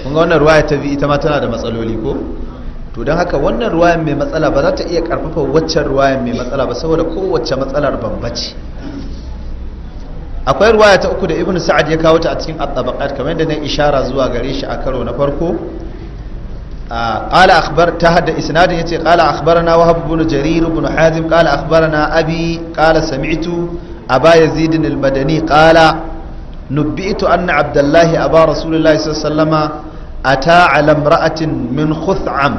[SPEAKER 1] kun ga wannan ruwaya ta bi ita ma tana da matsaloli ko to don haka wannan ruwayan mai matsala ba za ta iya karfafa waccan ruwayan mai matsala ba saboda kowace matsalar bambaci akwai ruwaya ta uku da ibnu sa'ad ya kawo ta a cikin at-tabaqat kamar yadda na ishara zuwa gare shi a karo na farko قال أخبر تهد إسناد يتي قال أخبرنا وهب بن جرير بن حازم قال أخبرنا أبي قال سمعت أبا يزيد المدني قال نبئت أن عبد الله أبا رسول الله صلى الله عليه وسلم أتى على امرأة من خثعم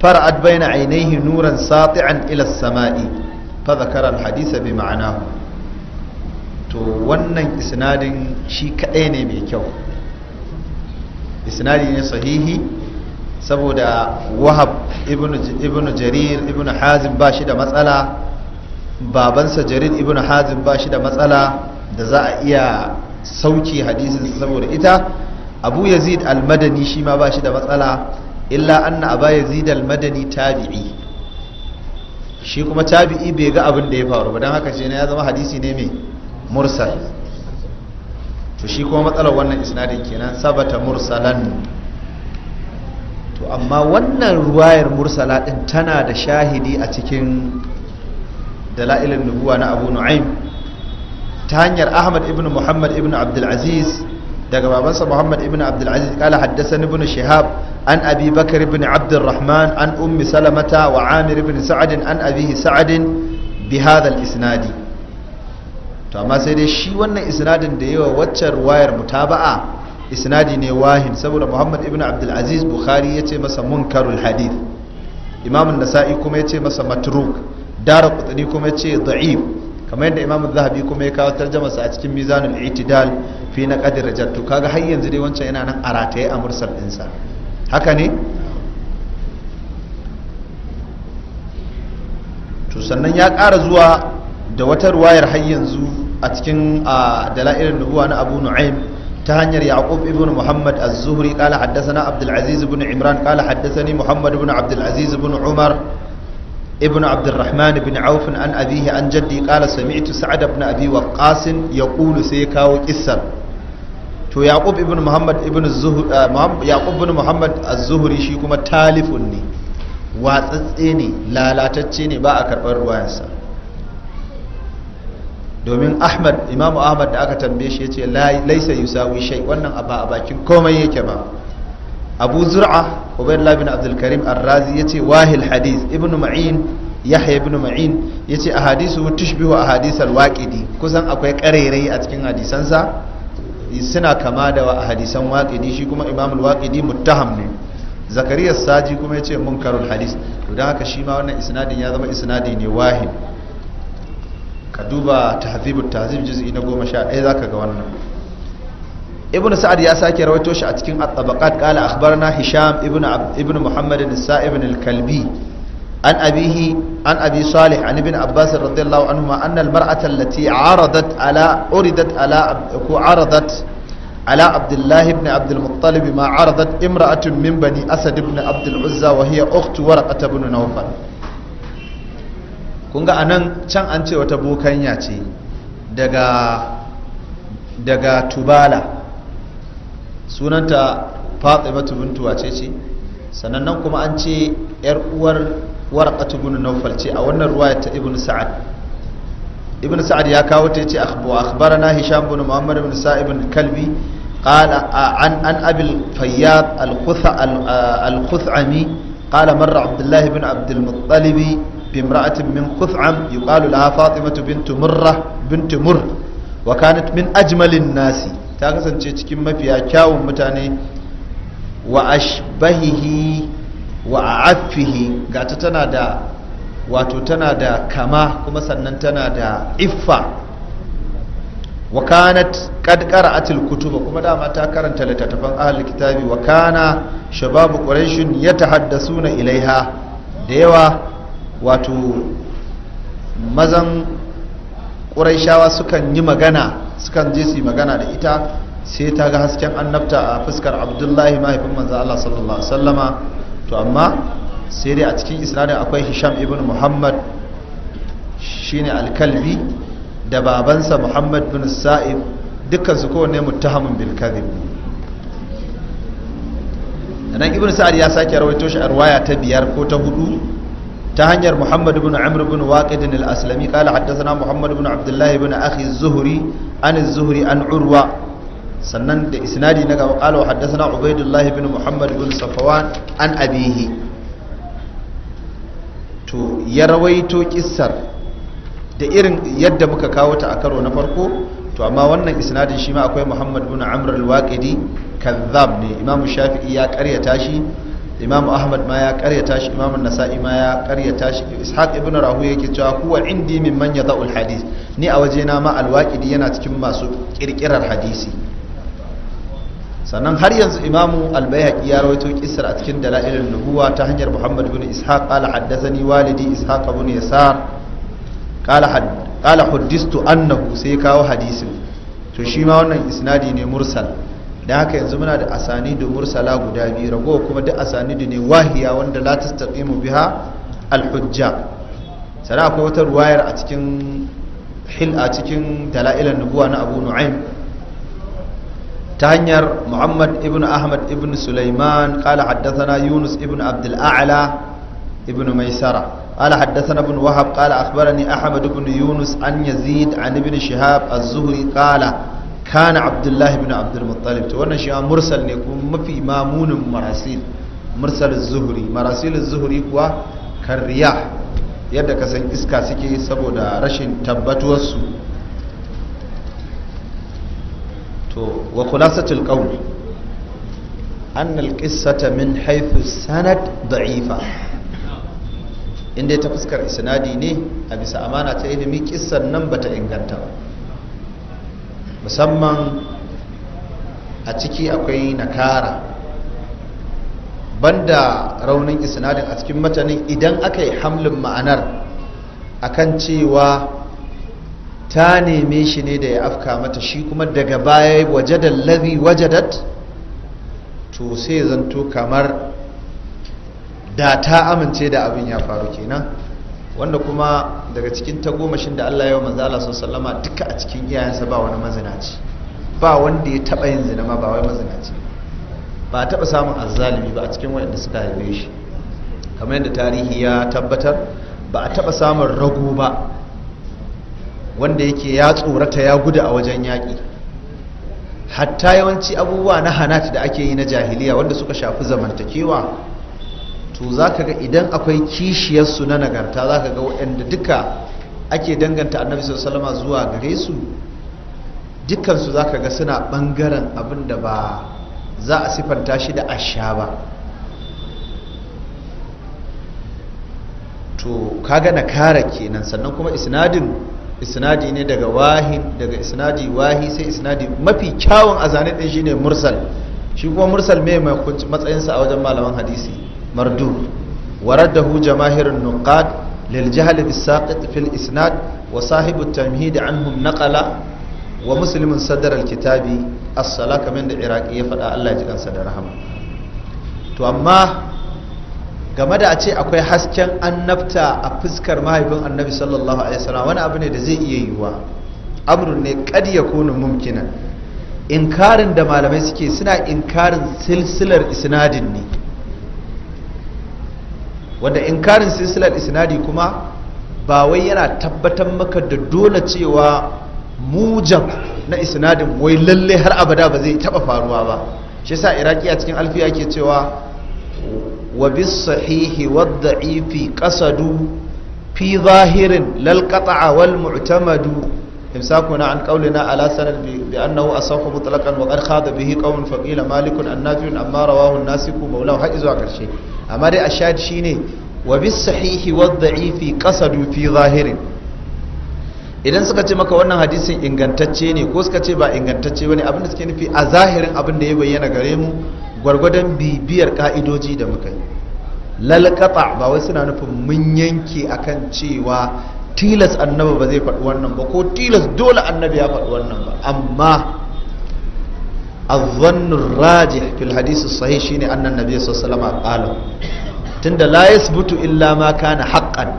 [SPEAKER 1] فرأت بين عينيه نورا ساطعا إلى السماء فذكر الحديث بمعناه to wannan isnadin shi kaɗai ne mai kyau isnadi ne sahihi saboda wahab ibn jarir ibn hazim ba shi da matsala babansa jarir ibn hazim ba shi da matsala da za a iya sauki hadisin saboda ita abu yazid al-madani shi ma ba shi da matsala illa anna aba yazid al-madani tabi'i shi kuma tabi'i bai ga abin da ya faru ba don haka shi ya zama hadisi ne mai mursal to shi kuma matsalar wannan isnadin kenan sabata mursalan to amma wannan ruwayar mursala din tana da shahidi a cikin dala'ilin nubuwa na abu nu'aim ta hanyar ahmad ibn muhammad ibn abdulaziz daga babansa muhammad ibn abdulaziz kala haddasa ibn shahab an abi bakar ibn abdulrahman an ummi salamata wa amir ibn sa'adin an abihi sa'adin bi hadha isnadi to amma sai dai shi wannan isnadin da yawa waccan ruwayar mutaba'a isnadi ne wahin saboda muhammad ibn abdulaziz bukhari ya ce masa munkarul hadith imam nasa'i kuma ya ce masa matruk dara kutani kuma ya ce da'if kamar yadda imam zahabi kuma ya kawo tarjama sa a cikin mizanul itidal fi na qadir jattu kaga har yanzu dai wancan yana nan arataye a mursal dinsa haka ne to sannan ya kara zuwa da wata ruwayar har yanzu a cikin dalailin nubuwa na abu nu'aim ta hanyar yaqub ibn muhammad az-zuhri qala haddathana abd al-aziz ibn imran qala haddathani muhammad ibn abd al-aziz umar ibn abd rahman ibn auf an abihi an jaddi qala sami'tu sa'ad ibn abi waqqas yaqulu sai kawo qissar to yaqub ibn muhammad ibn zuhri eh, shi kuma talifun watsatse ne lalatacce ne ba a karbar ruwayansa domin ahmad imamu ahmad da aka tambaye shi ya ce laisa yusawi shai wannan ba a bakin komai yake ba abu zur'a ubaidullah bin abdulkarim arrazi ya ce wahil hadis ibn ma'in yahya ibn ma'in ya ce a hadisu tushbihu a hadisar waƙidi kusan akwai ƙarerai a cikin hadisansa suna kama da hadisan waƙidi shi kuma imamul waƙidi muttaham ne zakariya saji kuma ya ce munkarul hadis to don haka shi ma wannan isnadin ya zama isnadi ne wahil ka duba tahzibut tahzib juz'i na 11 zaka ga wannan ibn sa'ad ya sake rawaito shi a cikin at-tabaqat qala akhbarana hisham ibn ibn muhammad as-sa'ib al-kalbi an abihi an abi salih an ibn abbas radiyallahu anhuma anna al-mar'ata allati 'aradat ala uridat ala ku 'aradat على عبد الله بن عبد المطلب ما عرضت امرأة من بني أسد بن عبد العزى وهي أخت ورقة بن نوفل kun ga anan can an ce wata bokanya ce daga daga tubala sunanta fatimatu bintu wace ce nan kuma an ce yar uwar warqatu bin nawfal ce a wannan ruwaya ta ibnu sa'ad ibnu sa'ad ya kawo ta yace akhbarana hisham bin muhammad bin sa'ib bin kalbi an abil fayyad al-khuth al-khuthami qala marra abdullah abdul muttalib في امرأة من خثعم يقال لها فاطمة بنت مرة بنت مر وكانت من أجمل الناس تاكسن تشكين ما فيها كاو wa وأشبهه وأعفه قالت تنادى wato tana da kama kuma sannan tana da iffa wa kanat qad qara'atil kutuba kuma dama ta karanta littattafan ahlul kitabi wa kana shababu quraish yatahaddasuna ilaiha da yawa wato mazan shawa sukan yi magana sukan je su yi magana da ita sai ta ga hasken annabta a fuskar abdullahi mahaifin manzan Allah sallallahu Alaihi wasallama to amma sai dai a cikin isnadin akwai hisham ibn muhammad shine alkalbi da babansa muhammad bin sa'ib su kowanne muttahamin bil kadhib nan ibn sa'ad ya sake rawaito shi a ruwaya ta biyar ko ta hudu ta hanyar Muhammad bin Amr ibn Waqid al-Aslami qala haddathana Muhammad bin abdullahi bin akhi az-Zuhri an az-Zuhri an Urwa sannan da isnadi na gaba qala haddathana Ubaidullah bin Muhammad ibn Safwan an abihi to ya rawaito kisar da irin yadda muka kawo ta a karo na farko to amma wannan isnadin shi ma akwai Muhammad bin Amr al-Waqidi kadhab ne Imam Shafi'i ya karyata shi imamu ahmad ma ya karyata shi imamu nasa'i ma ya karyata shi ishaq ibn rahu yake cewa huwa indi min man yada'ul ne ni a waje na ma alwaqidi yana cikin masu kirkirar hadisi sannan har yanzu imamu albayhaqi ya rawaito kisar a cikin dalailin nubuwa ta hanyar muhammad ibn ishaq qala haddathani walidi ishaq ibn yasar qala had qala huddistu annahu sai kawo hadisin to shi ma wannan isnadi ne mursal da haka yanzu muna da asanidu mursala guda biyu ragowa kuma duk asanidu ne wahiya wanda la tastaqimu biha al-hujja sana akwai wata ruwayar a cikin hil a cikin dala'ilan nubuwa na Abu nu'aim ta hanyar Muhammad ibn Ahmad ibn Sulaiman qala haddathana Yunus ibn abdul ala ibn Maisara قال حدثنا ابن وهب قال أخبرني أحمد بن يونس عن يزيد عن ابن شهاب الزهري قال kana abdullahi abdul abdulmuttalib to wannan shi ma mursal ne kuma mafi mamunin marasil mursal zuhri marasil zuhri kuwa karriya yadda ka san iska suke saboda rashin su to wa khulasatul qawl anna al-qissata min haythu sanad da'ifa inda ta fuskar isnadi ne a bisa amana ta ilimi kissan nan bata inganta ba musamman a ciki akwai nakara banda raunin isnadin a cikin matanin idan aka yi hamlin ma'anar akan cewa ta neme shi ne da ya afka mata shi kuma daga baya wajadar lazi wajadat to sai zanto kamar da ta amince da abin ya faru kenan wanda kuma daga cikin tagomashin da Allah ya manzo Allah sallama duka a cikin iyayensa ba wani mazinaci ba wanda ya taba yin zina ba wai mazinaci ba a taba samun azzalimi ba a cikin wanda suka haife shi kamar yadda tarihi ya tabbatar ba a taba samun rago ba wanda yake ya tsorata ya gudu a wajen yaƙi hatta yawanci abubuwa na hanat da ake yi na jahiliya wanda suka shafi zamantakewa to za ka ga idan akwai kishiyarsu na nagarta za ka ga waɗanda duka ake danganta annabi sallama zuwa gare su dukansu za ka ga suna ɓangaren abin da ba za a siffanta shi da asha ba to kaga na kara kenan sannan kuma isnadin isnadi ne daga wahi daga isnadi wahi sai isnadi mafi kyawun azanin din shine mursal shi kuma mursal mai matsayinsa a wajen malaman hadisi mardu warar jamahirin nukad lil nukad bis saqit fil isnad wa sahibu tamhid anhum naqala wa muslimun sadar kitabi as-sala da iraki ya faɗa Allah ya ji kansa da rahama to amma game da a ce akwai hasken annabta a fuskar mahaifin annabi sallallahu alaihi wasallam wani abu ne da zai iya yiwuwa amrun ne kad yakunu mumkinan inkarin da malamai suke suna inkarin silsilar isnadin ne wanda inkarin silsilar isnadi kuma ba wai yana tabbatar maka da dole cewa mujab na isnadin wai lalle har abada ba zai taba faruwa ba shi yasa iraki a cikin alfiya ke cewa wa bis sahihi wadda ifi qasadu fi zahirin lal wal mu'tamadu إمساكنا عن قولنا على سند بأنه أصح مطلقا وقد خاض به قوم فقيل مالك النافع أما رواه الناسك مولاه حق زوا كرشي أما دي أشاد شيني وبالصحيح والضعيف قصدوا في ظاهر idan suka ce maka wannan hadisin ingantacce ne ko suka ce ba ingantacce bane abin da suke nufi a zahirin abin da ya bayyana gare mu gwargwadon bibiyar ka'idoji da muka yi lalqata ba wai suna nufin mun yanke akan cewa tilas annaba ba zai faɗi wannan ba ko tilas dole annabi ya faɗi wannan ba amma azzannun raji fil hadisi shi ne annan nabi salama alaihi tun tunda la butu illa ma kana haƙƙan,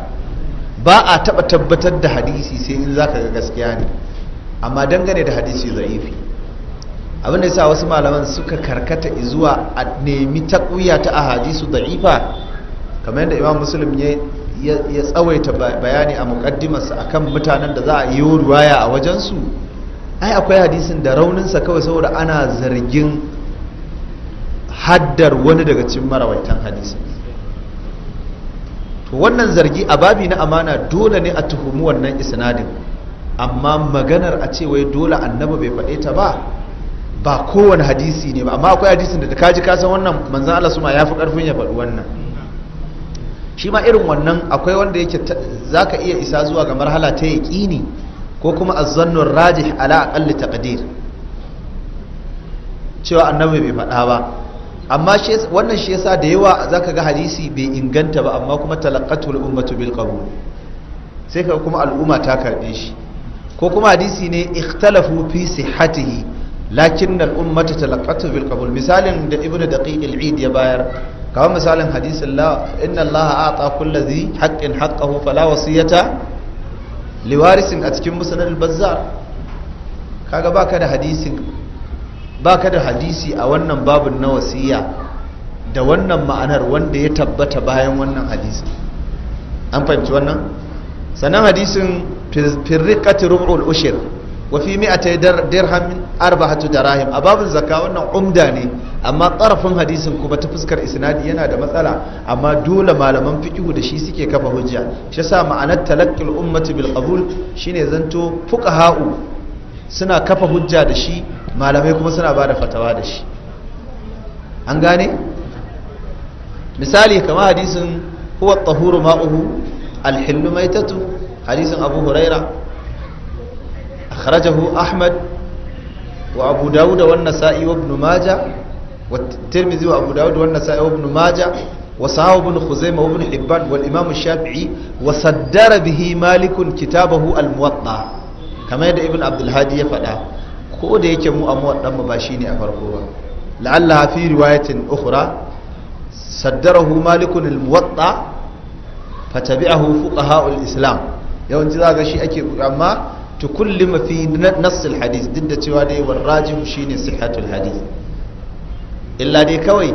[SPEAKER 1] ba a taɓa tabbatar da hadisi sai in zaka ga gaskiya ne amma dangane da hadisi zaifi abin da yasa wasu malaman suka karkata izuwa, a nemi taqwiya ta hadisu da'ifa kamar yadda imam muslim ya tsawaita bayani a mukaddimarsa kan mutanen da za a yi ruwaya a wajensu ai akwai hadisin da rauninsa kawai saboda ana zargin haddar wani daga cikin marawaitan hadisin to wannan zargi a babi na amana dole ne a tuhumi wannan isnadin amma maganar a ce wai dole annabi bai faɗe ta ba ba kowane hadisi ne ba amma akwai hadisin da kaji kasan wannan manzan Allah suma ya fi karfin ya faɗi wannan shi ma irin wannan akwai wanda yake za ka iya isa zuwa ga marhala ta yaƙini ko kuma azzannun rajih ala aƙalli taqdir cewa annabi bai faɗa ba amma wannan shi yasa da yawa za ka ga hadisi bai inganta ba amma kuma talakatu ummatu bil qabul sai ka kuma al'umma ta karɓe shi ko kuma hadisi ne ikhtalafu fi sihhatihi lakin al'ummatu talakatu bil qabul misalin da ibnu daqiq al ya bayar kawai misalin hadisin la inna allaha a'ta kulli dhi haqqin haqqahu fala wasiyata liwarisin a cikin musanar al-bazzar kaga baka da baka da hadisi a wannan babin na wasiya da wannan ma'anar wanda ya tabbata bayan wannan hadisin an fahimci wannan sannan hadisin firriqati rub'ul ushir wa fi mi'atay dirhamin da Rahim a babin zakka wannan umda ne amma tsarafin hadisin kuma ta fuskar isnadi yana da matsala amma dole malaman fiqhu da shi suke kafa hujja shi ma'anar talaqqil ummati bil qabul shine zanto fuqaha'u suna kafa hujja da shi malamai kuma suna bada fatawa da shi an gane misali kamar hadisin huwa at-tahuru ma'uhu al hadisin abu huraira akhrajahu ahmad wa abu dawud wa an-nasa'i wa ibn wa abu dawud wa an-nasa'i wa ibn majah wa sahab ibn wa imam ash-shafi'i wa saddara bihi malik kitabahu al-muwatta kamar yadda ibn abdul hadi ya faɗa ko da yake mu a muwaddan a farko ba fi riwayatin ukhra saddarahu malik al-muwatta fatabi'ahu islam yawanci zaka shi ake amma Tukun fi nassil hadith duk da cewa dai wal rajihu shine sihhatul hadith illa dai kawai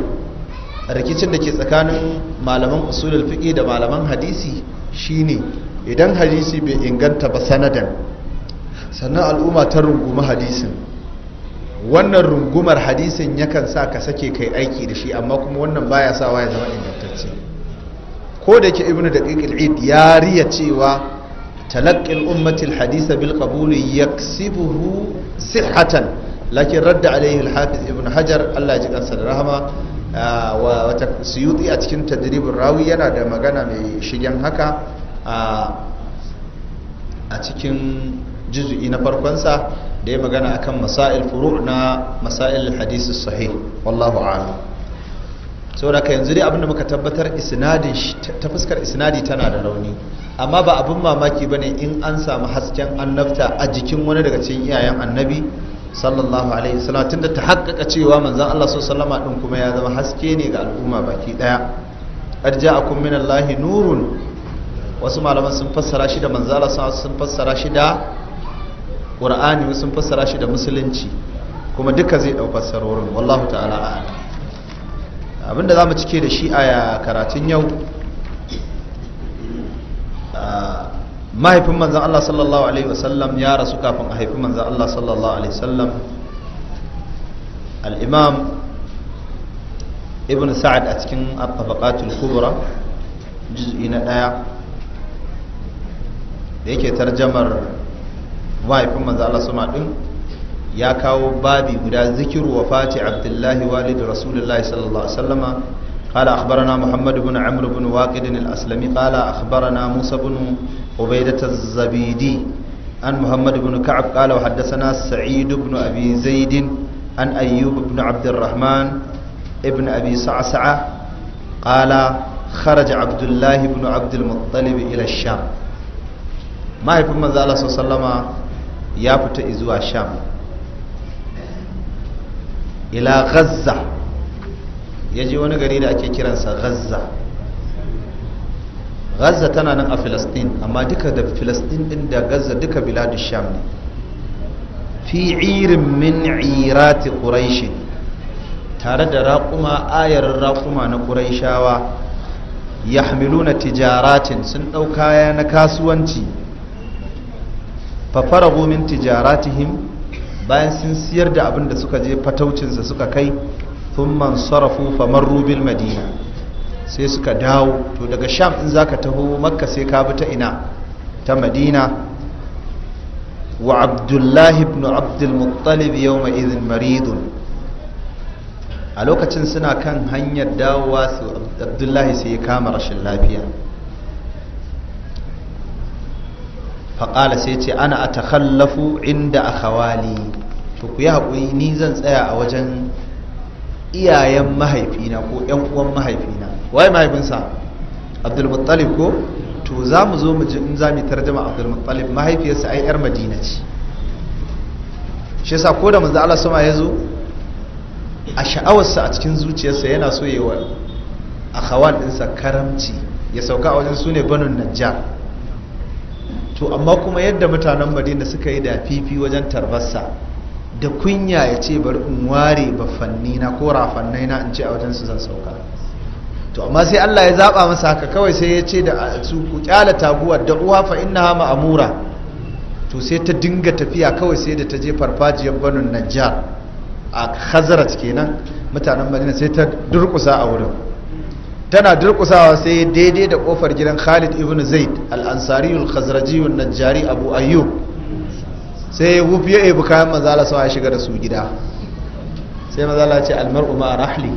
[SPEAKER 1] rikicin da ke tsakanin malaman usulul fiqi da malaman hadisi shine idan hadisi bai inganta ba sanadan sannan al'umma ta runguma hadisin wannan rungumar hadisin yakan sa ka sake kai aiki da shi amma kuma wannan baya sawa ya zama ingantacce ko da ke ibnu daqiq al-id ya riya cewa talaqqil ummati alhadith bil qabuli yaksibuhu sihhatan lakin radda alayhi alhadith ibn hajar Allah ya jikan sarrahma wa wata a cikin tadrib alrawi yana da magana mai shigen haka a cikin juz'i na farkon sa da yayi magana akan masail furu' na masail alhadith as-sahih wallahu a'lam saboda ka yanzu dai abinda muka tabbatar isnadin ta fuskar isnadi tana da rauni amma ba abin mamaki ba ne in an samu hasken annabta a jikin wani daga cikin iyayen annabi sallallahu alaihi wasallam tunda ta haƙƙaƙa cewa manzan Allah sallallahu alaihi din kuma ya zama haske ne ga al'umma baki daya arja'akum minallahi nurun wasu malaman sun fassara shi da manzon Allah sun fassara shi da Qur'ani sun fassara shi da musulunci kuma duka zai ɗau fassarorin wallahu ta'ala a'lam abinda za mu cike da shi a karatun yau mahaifin manzan Allah sallallahu Alaihi wasallam ya rasu kafin a haifi manzan Allah sallallahu Alaihi wasallam al'imam ibn sa'ad a cikin al-tabaqatul kubra juz'i na ɗaya da yake tarjamar mahaifin manzan Allah Alaihi wasallam ya kawo babi guda zikiru wafati abdullahi walid rasulullahi sallallahu alaihi wasallama قال أخبرنا محمد بن عمرو بن واقد الأسلمي قال أخبرنا موسى بن عبيدة الزبيدي عن محمد بن كعب قال وحدثنا سعيد بن أبي زيد عن أيوب بن عبد الرحمن ابن أبي سعسعة قال خرج عبد الله بن عبد المطلب إلى الشام ما يكون من ذا الله صلى الله عليه وسلم يابت إزوى الشام ila gaza ya je wani gari da ake kiransa gaza gaza tana nan a filistin amma duka da filistin din da gaza duka biladu sham ne fi irin min irati ƙuraishi tare da raƙuma ayar raƙuma na ƙuraishawa ya hamiluna tijaratin sun ɗaukaya na kasuwanci fafara gomin tijaratihim bayan sun siyar da abin da suka je fataucinsa suka kai man sarafu famar rubil madina sai suka dawo to daga sham in zaka taho makka sai ka bi ta ina ta madina wa abdullahi ibn abdulmuttalib yawma idhin maridun a lokacin suna kan hanyar dawowa su abdullahi sai ya kama rashin lafiya faƙala sai ce ana a takhallafu inda a kawali. to ku yi haƙuri ni zan tsaya a wajen iyayen mahaifina ko yan uwan mahaifina waye mahaifinsa abdulmuttalib ko to za mu zo mu ji in za mu tarjama abdulmuttalib mahaifiyarsa ai yar madina ce shi yasa ko da manzo Allah sama ya zo a sha'awarsa a cikin zuciyarsa yana so yayi wa akhawan ɗinsa karamci ya sauka a wajen su ne banun najjar to amma kuma yadda mutanen madina suka yi da fifi wajen tarbarsa da kunya ya ce bari in ware bafanni na ko rafannai na in ce a wajen su zan sauka to amma sai Allah ya zaba masa haka kawai sai ya ce da su ku kyala taguwa da uwa fa innaha ma'amura to sai ta dinga tafiya kawai sai da ta je farfajiyar banun najjar a hazarat kenan mutanen madina sai ta durkusa a wurin tana durkusawa sai daidai da kofar gidan khalid ibn zaid al al'ansariyul khazrajiyun najjari abu ayyub sai wufiye ya kayan mazala sama ya shiga da su gida sai mazala ce almar'u ma rahli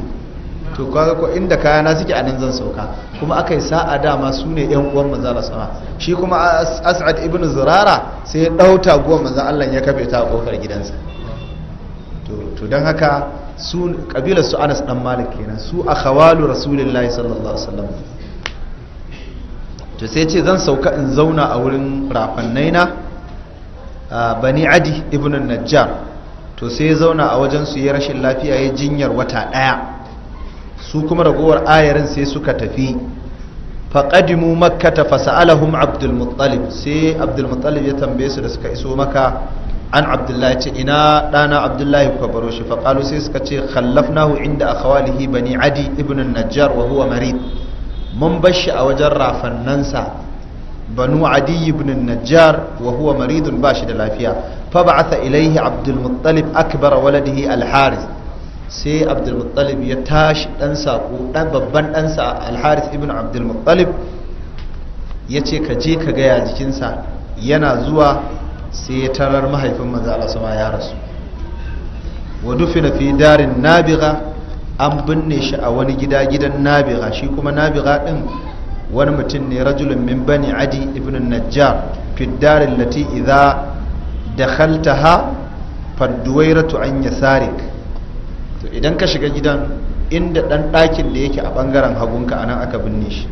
[SPEAKER 1] to kaga ko inda kayana suke a nan zan sauka kuma aka yi sa'a dama su ne yan uwan mazala sama shi kuma as'ad ibn zurara sai ya ɗauta guwan manzan allah ya kafe ta a kofar gidansa to don haka su kabilar su anas dan malik kenan su a khawalu rasulullahi sallallahu alaihi wasallam to sai ce zan sauka in zauna a wurin rafannai na bani adi ibn najjar to sai zauna a wajen su ya rashin lafiya ya jinyar wata ɗaya su kuma ragowar ayarin sai suka tafi faqadimu makkata fasa'alahum abdul muttalib sai abdul muttalib ya tambaye su da suka iso maka an abdullahi ce ina ɗana abdullahi kuka baro shi faƙalu sai suka ce khallafnahu inda akhawalihi bani adi ibn najjar wa huwa marid mun bar shi a wajen rafannansa banu adi ibn najjar wa huwa maridun ba shi da lafiya fa ba'atha ilaihi abdul muttalib akbar waladihi al haris sai abdul muttalib ya tashi dan dan babban ɗansa al ibn abdul muttalib ya ce ka je ka gaya jikinsa yana zuwa sai ya tarar mahaifin manzo Allah sama ya rasu wa dufina fi darin nabiga an binne shi a wani gida gidan nabiga shi kuma nabiga din wani mutum ne rajulun min bani adi ibn najjar fi darin lati idza dakhaltaha faduwairatu an yasarik to idan ka shiga gidan inda dan ɗakin da yake a bangaren hagunka anan aka binne shi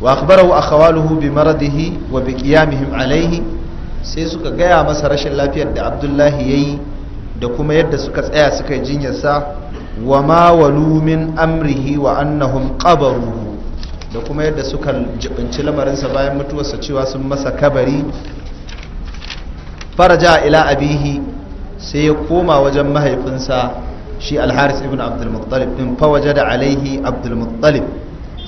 [SPEAKER 1] wa akhbarahu akhawaluhu bi maradihi wa bi qiyamihim alayhi sai suka gaya masa rashin lafiyar da abdullahi ya yi da kuma yadda suka tsaya suka yi jinyarsa wa ma walu amrihi wa annahum qabaru da kuma yadda suka jibinci lamarinsa bayan mutuwarsa cewa sun masa kabari faraja ila abihi sai ya koma wajen mahaifinsa shi alharis ibn abdulmuttalib din fawaje da alaihi abdulmuttalib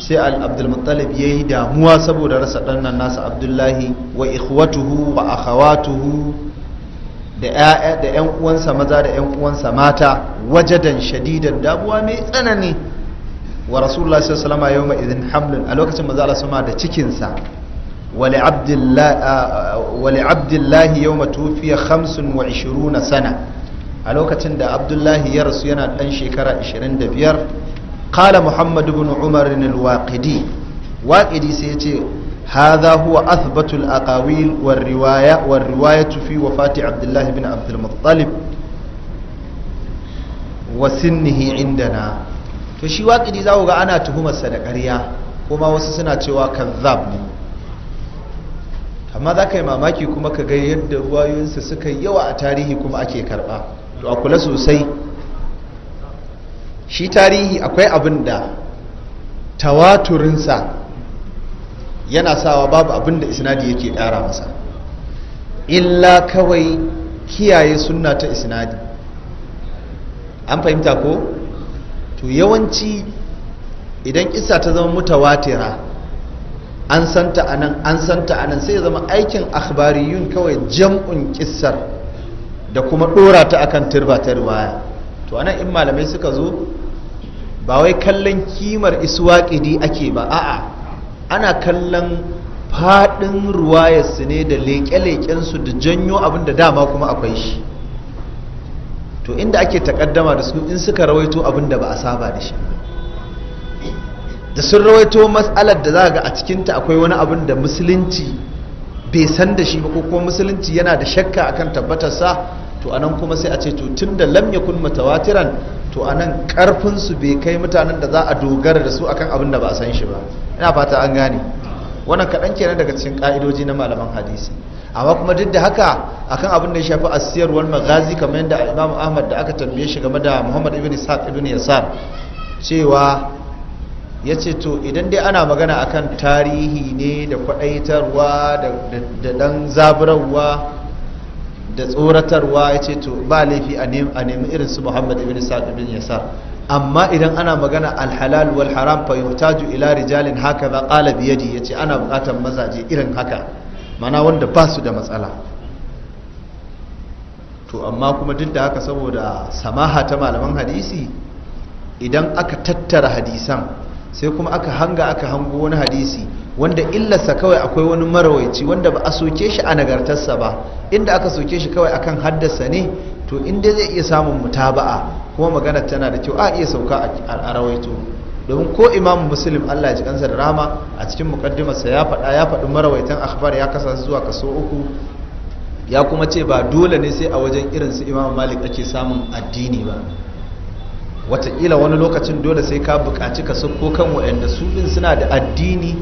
[SPEAKER 1] sai al-abdulmuttalib ya yi damuwa saboda rasa ɗannan nasa abdullahi wa ikhwatuhu wa akhawatuhu da 'yan uwansa maza da 'yan uwansa mata wajadan shadidan damuwa mai tsanani wa rasulullah sallama yau mai izin hamlin a lokacin maza ala sama da cikinsa wali abdullahi yau matufiya 25 sana a lokacin da abdullahi ya rasu yana ɗan shekara 25 قال محمد بن umar الواقدي واقدي سيتي هذا ya ce الأقاويل huwa والرواية في وفاة عبد الله بن عبد المطلب وسنه عندنا ibn واقدي زاوغا أنا تهم السنقرية وما to shi waqidi ana tuhumar ƙarya kuma wasu suna cewa kazzab ne amma za ka yi mamaki kuma ka ga yadda ruwayoyinsa suka yawa a tarihi kuma ake karba to a kula sosai shi tarihi akwai abin da tawaturinsa yana sawa babu abin da isnadi yake ɗara masa illa kawai kiyaye suna ta isnadi an fahimta ko to yawanci idan kisa ta zama mutawatira an santa nan an santa anan sai zama aikin akhbariyun kawai jam'un kissar da kuma dora ta akan turba ta riwaya to anan in malamai suka zo ba wai kallon kimar ƙidi ake ba a'a ana kallon faɗin ruwayarsu ne da leƙe-leƙensu da janyo abin da dama kuma akwai shi to inda ake takaddama da su in suka rawaito abin da ba a saba da shi da sun rawaito matsalar da za ga a cikinta akwai wani abin da musulunci bai san da shi ba ko kuma musulunci yana da shakka akan tabbatarsa to anan kuma sai a ce to tun da lam yakun mutawatiran to anan karfin su bai kai mutanen da za a dogara da su akan abin da ba a san shi ba ina fata an gane wannan kaɗan kenan daga cikin ƙa'idoji na malaman hadisi amma kuma duk da haka akan abin da ya shafi asiyar wal magazi kamar yadda imam ahmad da aka tambaye shi game da muhammad ibn ishaq ibn yasar cewa ya ce to idan dai ana magana akan tarihi ne da kwaɗaitarwa da ɗan zaburarwa da tsoratarwa ya ce to ba laifi a nemi irin su muhammad ibn sa'ad ibn yasar amma idan ana magana alhalal wal haram fa yuhtaju ila rijalin haka ba qala bi yadi yace ana bukatar mazaje irin haka mana wanda ba su da matsala to amma kuma duk da haka saboda samaha ta malaman hadisi idan aka tattara hadisan sai kuma aka hanga aka hango wani hadisi wanda illarsa kawai akwai wani marawaici wanda ba a soke shi a nagartarsa ba inda aka soke shi kawai akan haddasa ne to inda zai iya samun mutaba'a kuma magana tana da kyau a iya sauka a rawaito domin ko imamu musulun allah ya ji kansa rama a cikin mukaddimarsa ya faɗa ya faɗi marawaitan akhbar ya kasa zuwa kaso uku ya kuma ce ba dole ne sai a wajen irinsu imamu malik ake samun addini ba watakila wani lokacin dole sai ka bukaci ka sauko kan waɗanda su ɗin suna da addini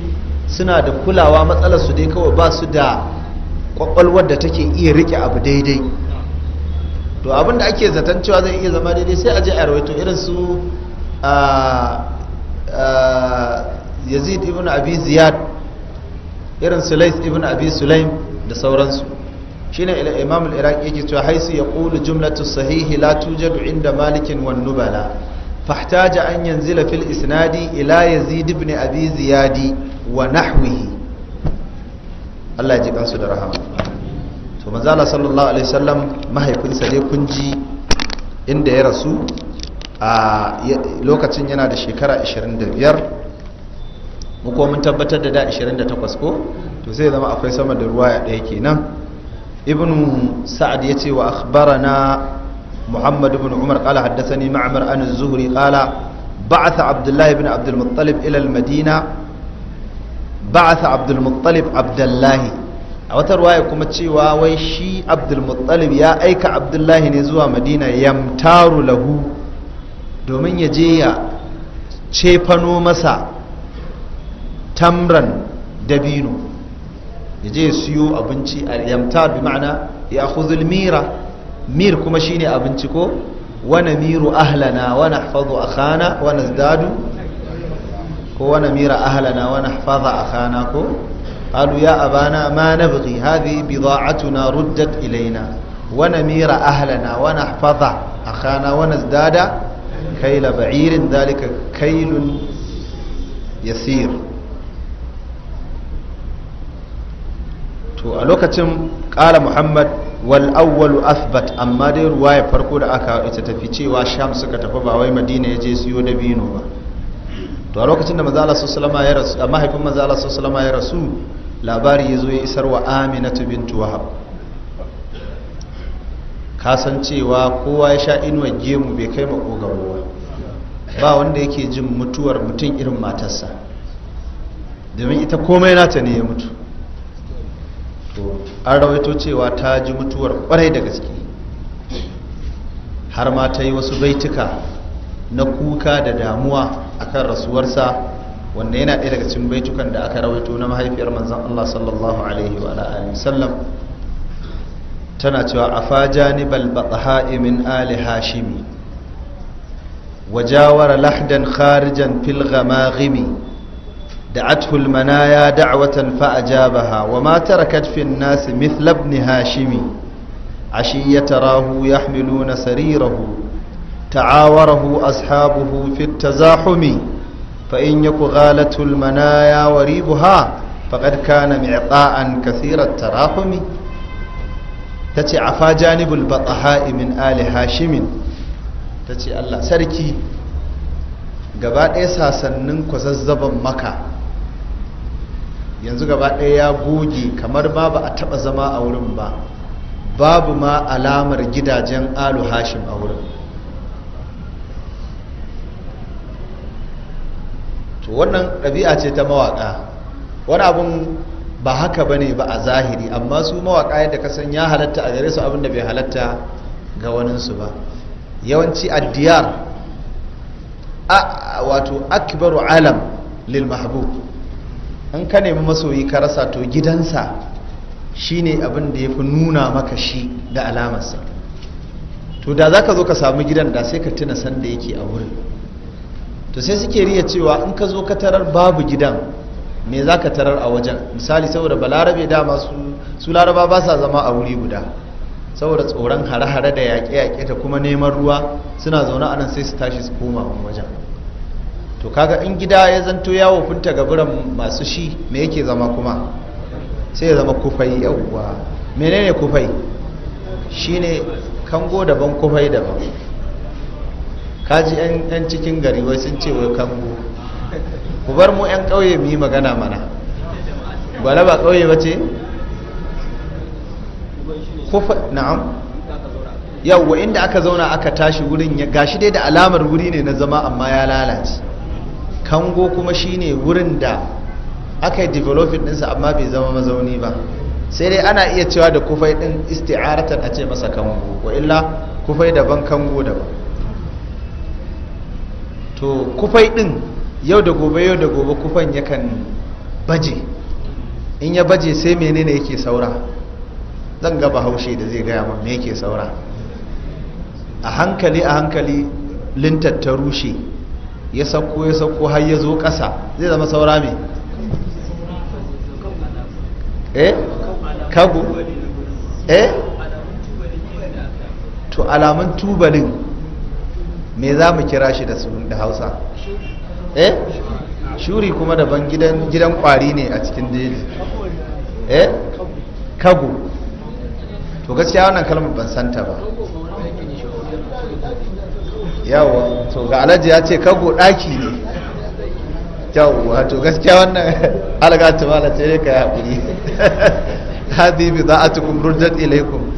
[SPEAKER 1] suna da kulawa matsalar su dai kawai ba su da ƙwaƙwalwar da take iya rike abu daidai to abin da ake zaton cewa zai iya zama daidai sai a je a rawaito irin su yazid ibn abi ziyad irin su lais ibn abi sulaim da sauransu shine imam al-iraqi yake cewa haisu qulu jumlatu sahihi la tujadu inda malikin wan nubala fahtaja an yanzila fil isnadi ila yazid ibn abi ziyadi wa nahwihi Allah ya ji kansu da rahama to manzala sallallahu alaihi wasallam mahaifinsa sa ne kunji inda ya rasu a lokacin yana da shekara 25 mu mun tabbatar da da 28 ko to sai zama akwai sama da ruwa ɗaya kenan ابن سعد يتي وأخبرنا محمد بن عمر قال حدثني معمر عن الزهري قال بعث عبد الله بن عبد المطلب إلى المدينة بعث عبد المطلب عبد الله a wata ruwaya kuma cewa wai shi abdulmuttalib ya aika abdullahi ne zuwa madina yamtaru lahu domin ya je ya cefano masa tamran dabino yaje ya siyo abinci al-yamtar bi ma'ana ya khudhul mira mir kuma shine abinci ko wa namiru ahlana wa nahfazu akhana wa nazdadu
[SPEAKER 2] ko wa namira ahlana wa nahfaza akhana ko قالوا يا أبانا ما نبغي
[SPEAKER 1] هذه بضاعتنا ردت إلينا ونمير أهلنا ونحفظ أخانا ونزداد كيل بعير ذلك كيل yasir. to a lokacin ƙara muhammad wal awwalu athbat amma dai ruwaya farko da aka ita tafi cewa sham suka tafi ba wai madina ya je siyo da bino ba to a lokacin da manzala sallama ya rasu mahaifin manzala sallama ya rasu labari ya zo ya isar wa aminatu bintu wahab kasancewa kowa ya sha inuwar gemu bai kai ga ruwa ba wanda yake jin mutuwar mutum irin matarsa domin ita komai nata ne ya mutu an rawaito cewa ta ji mutuwar kwarai da gaske har ma ta yi wasu baituka na kuka da damuwa akan rasuwarsa wanda yana ɗaya daga cikin baitukan da aka rawaito na mahaifiyar manzan Allah sallallahu alaihi wa alihi sallam tana cewa afa janibal batha'i min ali hashimi wajawara lahdan kharijan fil ghamagimi دعته المنايا دعوة فأجابها وما تركت في الناس مثل ابن هاشم عشية تراه يحملون سريره تعاوره أصحابه في التزاحم فإن يك غالته المنايا وريبها فقد كان معطاء كثير التراحم تتي عفا جانب البطحاء من آل هاشم تتي الله سركي gaba ɗaya sasannin kwazazzaban maka yanzu gaba ɗaya ya goge kamar babu a taɓa zama a wurin ba babu ma alamar gidajen alu hashim a wurin to wannan ɗabi'a ce ta mawaƙa wani abun ba haka ba ne ba a zahiri amma su mawaƙa yadda kasan ya halatta a gare su abin da bai halatta ga waninsu ba yawanci addiyar wato akbaru alam lil mahbub an ka nemi masoyi ka rasa to gidansa shine abin da ya fi nuna maka shi da alamarsa to da za ka zo ka samu gidan da sai ka tuna sanda yake a wurin to sai suke riya cewa in ka zo ka tarar babu gidan me za ka tarar a wajen misali saboda balarabe dama su laraba ba sa zama a wuri guda saboda tsoron hare-hare da yaƙe-yaƙe da kuma neman ruwa suna zaune a nan sai su tashi su koma wajen to kaga in gida ya zanto ya wofinta ga biran masu shi me yake zama kuma sai ya zama kufai yawwa menene kufai shine kango daban kufai daban kaji yan cikin gari wai sun ce wai kango ku bar mu yan ƙauye mu yi magana mana gwale ba ƙauye ba ce na'am yawwa inda aka zauna aka tashi wurin ya gashi dai da alamar wuri ne na zama amma ya lalace kango kuma shine wurin da aka yi developing ɗinsa amma bai zama mazauni ba sai dai ana iya cewa da kufai ɗin isti'aratan a ce masa kango wa illa kufai daban kango daban to kufai ɗin yau da gobe yau da gobe kufan yakan baje in ya baje sai menene yake saura zan ga bahaushe da zai gaya min me yake saura a hankali a hankali lintattar rushe ya sauko ya sauko har ya zo ƙasa zai zama saura mai eh kagu eh to alamun tubalin me za mu kira shi da sun da hausa eh shuri kuma daban gidan gidan kwari ne a cikin jeji eh Kagu. to gaskiya wannan kalmar ban santa ba yawa to ga alhaji ya ce kago daki ne yawa to gaskiya wannan alga ta mala ce eh, ka kuri hadi bi za a tukun rujjat ilaikum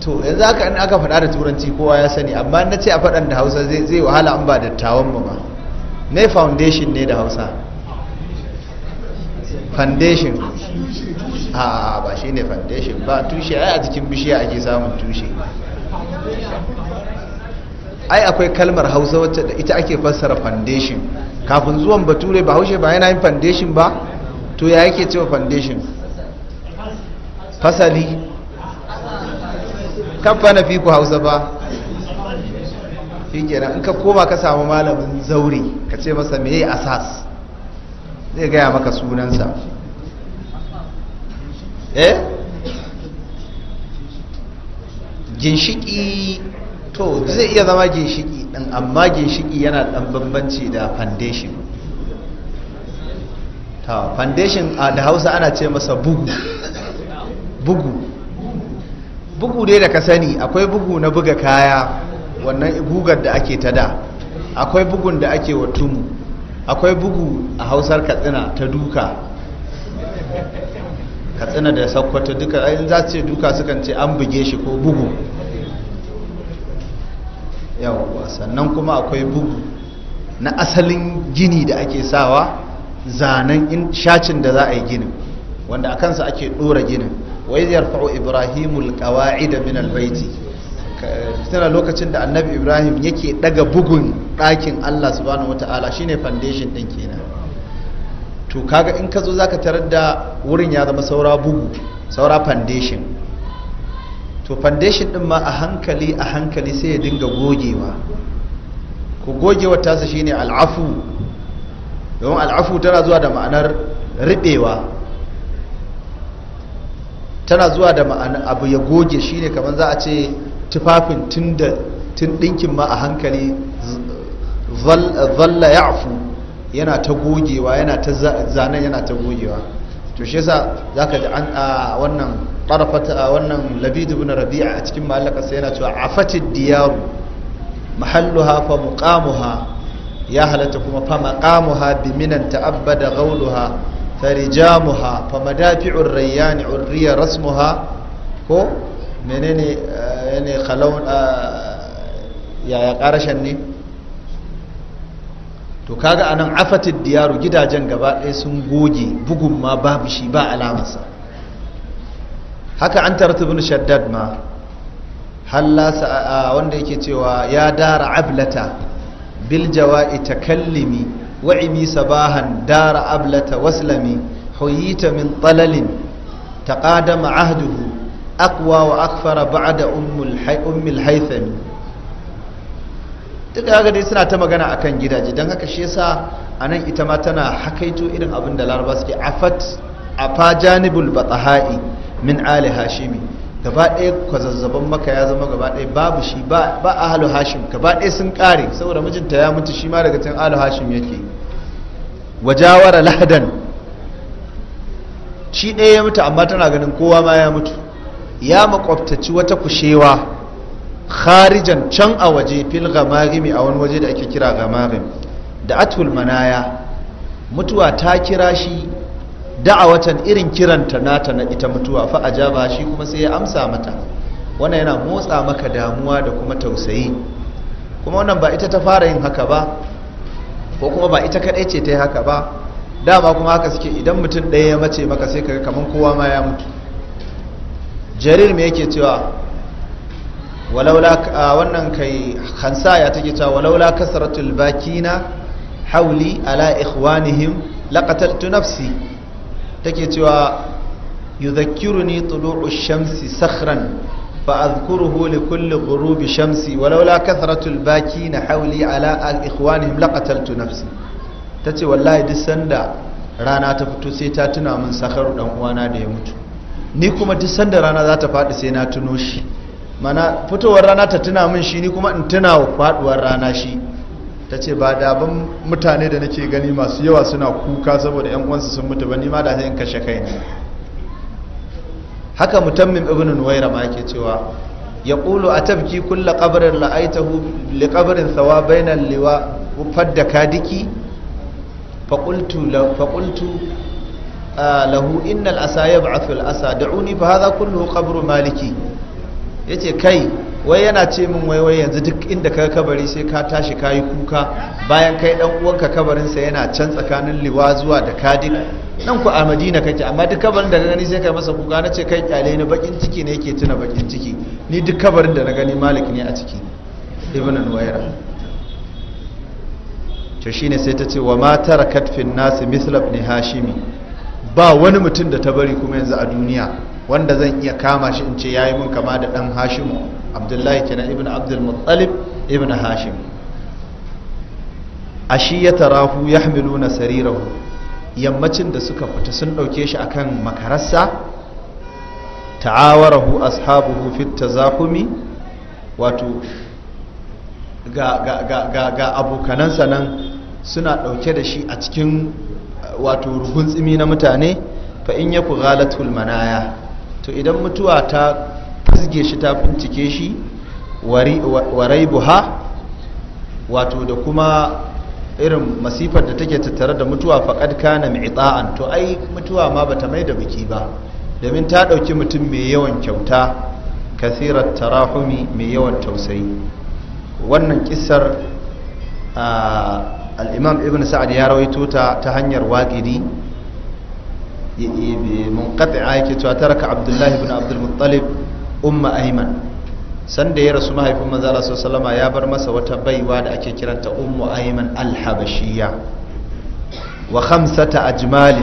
[SPEAKER 1] to yanzu aka in aka faɗa da turanci kowa ya sani amma na ce a faɗan da hausa zai wahala an ba da tawon mu ba ne foundation ne da hausa foundation a ba shi ne foundation ba tushe ai a cikin bishiya ake samun tushe ai akwai kalmar hausa wacce da ita ake fassara foundation kafin zuwan bature ba haushe ba yana yin foundation ba to ya yake cewa foundation fasali kafa na fi hausa ba fi gina in ka koma ka samu malamin zauri ka ce masa meye asas zai gaya maka sunansa eh ginshiki to zai iya zama ginshiki din amma ginshiki yana dan bambanci da foundation ta foundation da hausa ana ce masa bugu bugu bugu dai da ka sani akwai bugu na buga kaya wannan gugar da ake ta da akwai bugun da ake wa tumu akwai bugu a hausar katsina ta duka katsina da sakkwato duka ayin za ce duka sukan ce an buge shi ko bugu yawwa sannan kuma akwai bugu na asalin gini da ake sawa zanen in shacin da za a yi ginin wanda a kansa ake ɗora ginin wai yarfa'u ibrahimul da min albaiti tana lokacin da annabi ibrahim yake daga bugun ɗakin allah subhanahu shi shine foundation ɗin kenan to kaga in ka zo za ka tarar da wurin ya zama saura bugu saura foundation to foundation din ma a hankali a hankali sai ya dinga gogewa ko gogewa tasa shine al'afu domin al'afu tana zuwa da ma'anar riɓewa tana zuwa da ma'anar abu ya goge shine kamar za a ce tufafin tun ɗinkin ma a hankali zalla ya afu yana ta gogewa yana ta zanen yana ta gogewa to shi yasa zaka ji an a wannan tarafat a wannan labid ibn rabi'a a cikin mallaka sai yana cewa afatid diyaru mahalluha fa muqamuha ya halatta kuma fa maqamuha bi minan ta'abbada qawluha farijamuha fa madafi'ur rayyan urriya rasmuha ko menene eh, eh, ne khalawun ya ne to kaga anan afatid diyaru gidajen gaba ɗaya sun goge bugun ma babu shi ba alamarsa haka an tartibin shaddad ma hallasa wanda yake cewa ya dara ablata bil jawa'i takallimi wa'imi sabahan dara ablata waslami hoyita min talalin taqadama ahduhu aqwa wa akfara ba'ada ummul haythami duk da haka dai suna ta magana akan gidaje don haka shi yasa a nan ita ma tana hakaito irin abin da laraba suke afat afa janibul batahai min ali hashimi gaba ɗaya kwazazzaban maka ya zama gaba ɗaya babu shi ba ahalu hashim gaba ɗaya sun kare saboda mijinta ya mutu shi ma daga can ahalu hashim yake wajawara lahadan shi ɗaya ya mutu amma tana ganin kowa ma ya mutu ya makwabtaci wata kushewa kharijan can a waje fil gamagimi a wani waje da ake kira gamagim da atul manaya mutuwa ta kira shi da'awatan irin kiranta nata na ita mutuwa fa jaba shi kuma sai ya amsa mata wannan yana motsa maka damuwa da kuma tausayi kuma wannan ba ita ta fara yin haka ba ko kuma ba ita kadai ce ta yi haka ba dama kuma haka suke idan mutum ɗaya ya mace maka sai ka kamar kowa ma ya mutu jarir me yake cewa a wannan kai hansa ya take cewa walaula kasratul bakina hauli ala ikhwanihim laqataltu nafsi take cewa yuzakkiruni tulu'u shamsi sakran fa azkuruhu li kulli ghurubi shamsi walaula kasratul bakina hauli ala ikhwanihim laqataltu nafsi tace wallahi duk sanda rana ta fito sai ta tuna min sakharu dan uwana na ya mutu ni kuma duk sanda rana za ta faɗi sai na tuno shi mana fitowar rana ta tuna min shi ni kuma in tuna wa faduwar rana shi ta ce ba da daban mutane da nake gani masu yawa suna kuka saboda yan uwansu sun mutu ba ni ma da sai in kashe kai ne haka mutammin ibn nuwaira ma yake cewa ya ƙulu a tafki kulla la'aitahu li qabrin bainan liwa fadda kadiki faƙultu ah, lahu innal asa ya asa da'uni fa haza kullu qabru maliki ya ce kai wai yana ce min wai yanzu duk inda ka kabari sai ka tashi ka yi kuka bayan kai dan uwanka kabarinsa yana can tsakanin liwa zuwa da kadik nan ku a madina kake amma duk kabarin da na gani sai kai masa kuka na ce kai kyale ni bakin ciki ne yake tuna bakin ciki ni duk kabarin da na gani malik ne a ciki ibn wayra to shine sai ta ce wa ma tarakat fin nasi mithla ibn hashimi ba wani mutum da ta bari kuma yanzu a duniya wanda zan iya kama shi in ce ya yi mun kama da ɗan hashim abdullahi kenan ibn abdul muttalib ibn hashim ashi ya tarahu yahmiluna sarirahu yammacin da suka fita sun ɗauke shi akan makararsa ta'awarahu ashabuhu fit tazahumi wato ga ga ga ga, ga abokanansa nan suna ɗauke da shi a cikin wato rubun tsimi na mutane fa in yaku ghalatul manaya to idan mutuwa ta fizge shi ta bincike shi warai buha wato da kuma irin masifar da take tattare da mutuwa faƙad kana tsa'an to ai mutuwa ma bata mai da biki ba domin ta ɗauki mutum mai yawan kyauta kasirar tarahumi mai yawan tausayi wannan kisar ah, al'imam ibn sa'ad ya rawaito ta ta hanyar waƙidi munqati'a yake cewa taraka abdullahi bin abdul muttalib umma ayman sanda ya rasu mahaifin manzo Allah sallama ya bar masa wata baiwa da ake kiranta ummu ayman al-habashiyya wa khamsata ajmali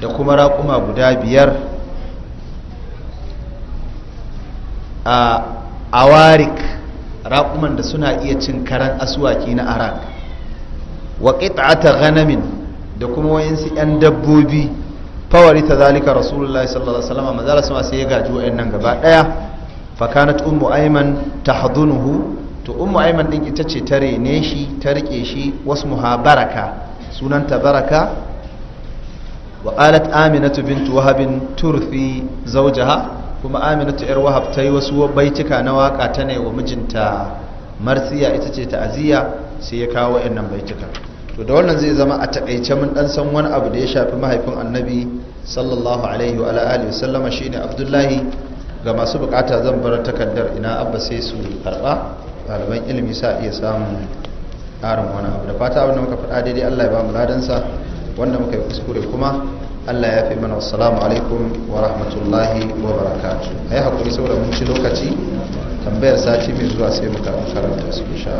[SPEAKER 1] da kuma raƙuma guda biyar a awarik raƙuman da suna iya cin karan aswaki na arak wa ƙit'ata ghanamin da kuma wayansu 'yan dabbobi fawari ta zalika rasulullahi sallallahu alaihi wasallam manzala sama sai ya gaji wayannan gaba daya fa kanat ummu ayman tahdunuhu to ummu ayman din ita ce ta rene shi ta rike shi wasmuha muhabaraka sunanta baraka wa qalat aminatu bint wahab turfi zawjaha kuma aminatu yar wahab ta wasu baitika na waka ta ne wa mijinta marsiya ita ce ta'aziyya sai ya kawo wayannan baitukan to da wannan zai zama a takaice mun dan san wani abu da ya shafi mahaifin annabi sallallahu alaihi wa alihi sallama shine abdullahi ga masu bukata zan bar takardar ina abba sai su karba ɗaliban ilimi sa iya samun ƙarin wani abu da fata abin da muka faɗa daidai allah ya ba mu ladansa wanda muka yi kuskure kuma allah ya fi mana wassalamu alaikum wa rahmatullahi wa barakatu a yi haƙuri saboda mun ci lokaci tambayar sati mai zuwa sai muka karanta su insha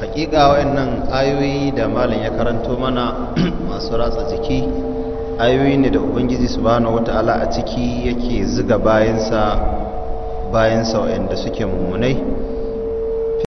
[SPEAKER 1] hakika wayannan ayoyi da malam ya karanto mana masu ratsa jiki ayoyi ne da ubangiji su wata ala a ciki yake ziga bayansa bayansa waanda suke mummunai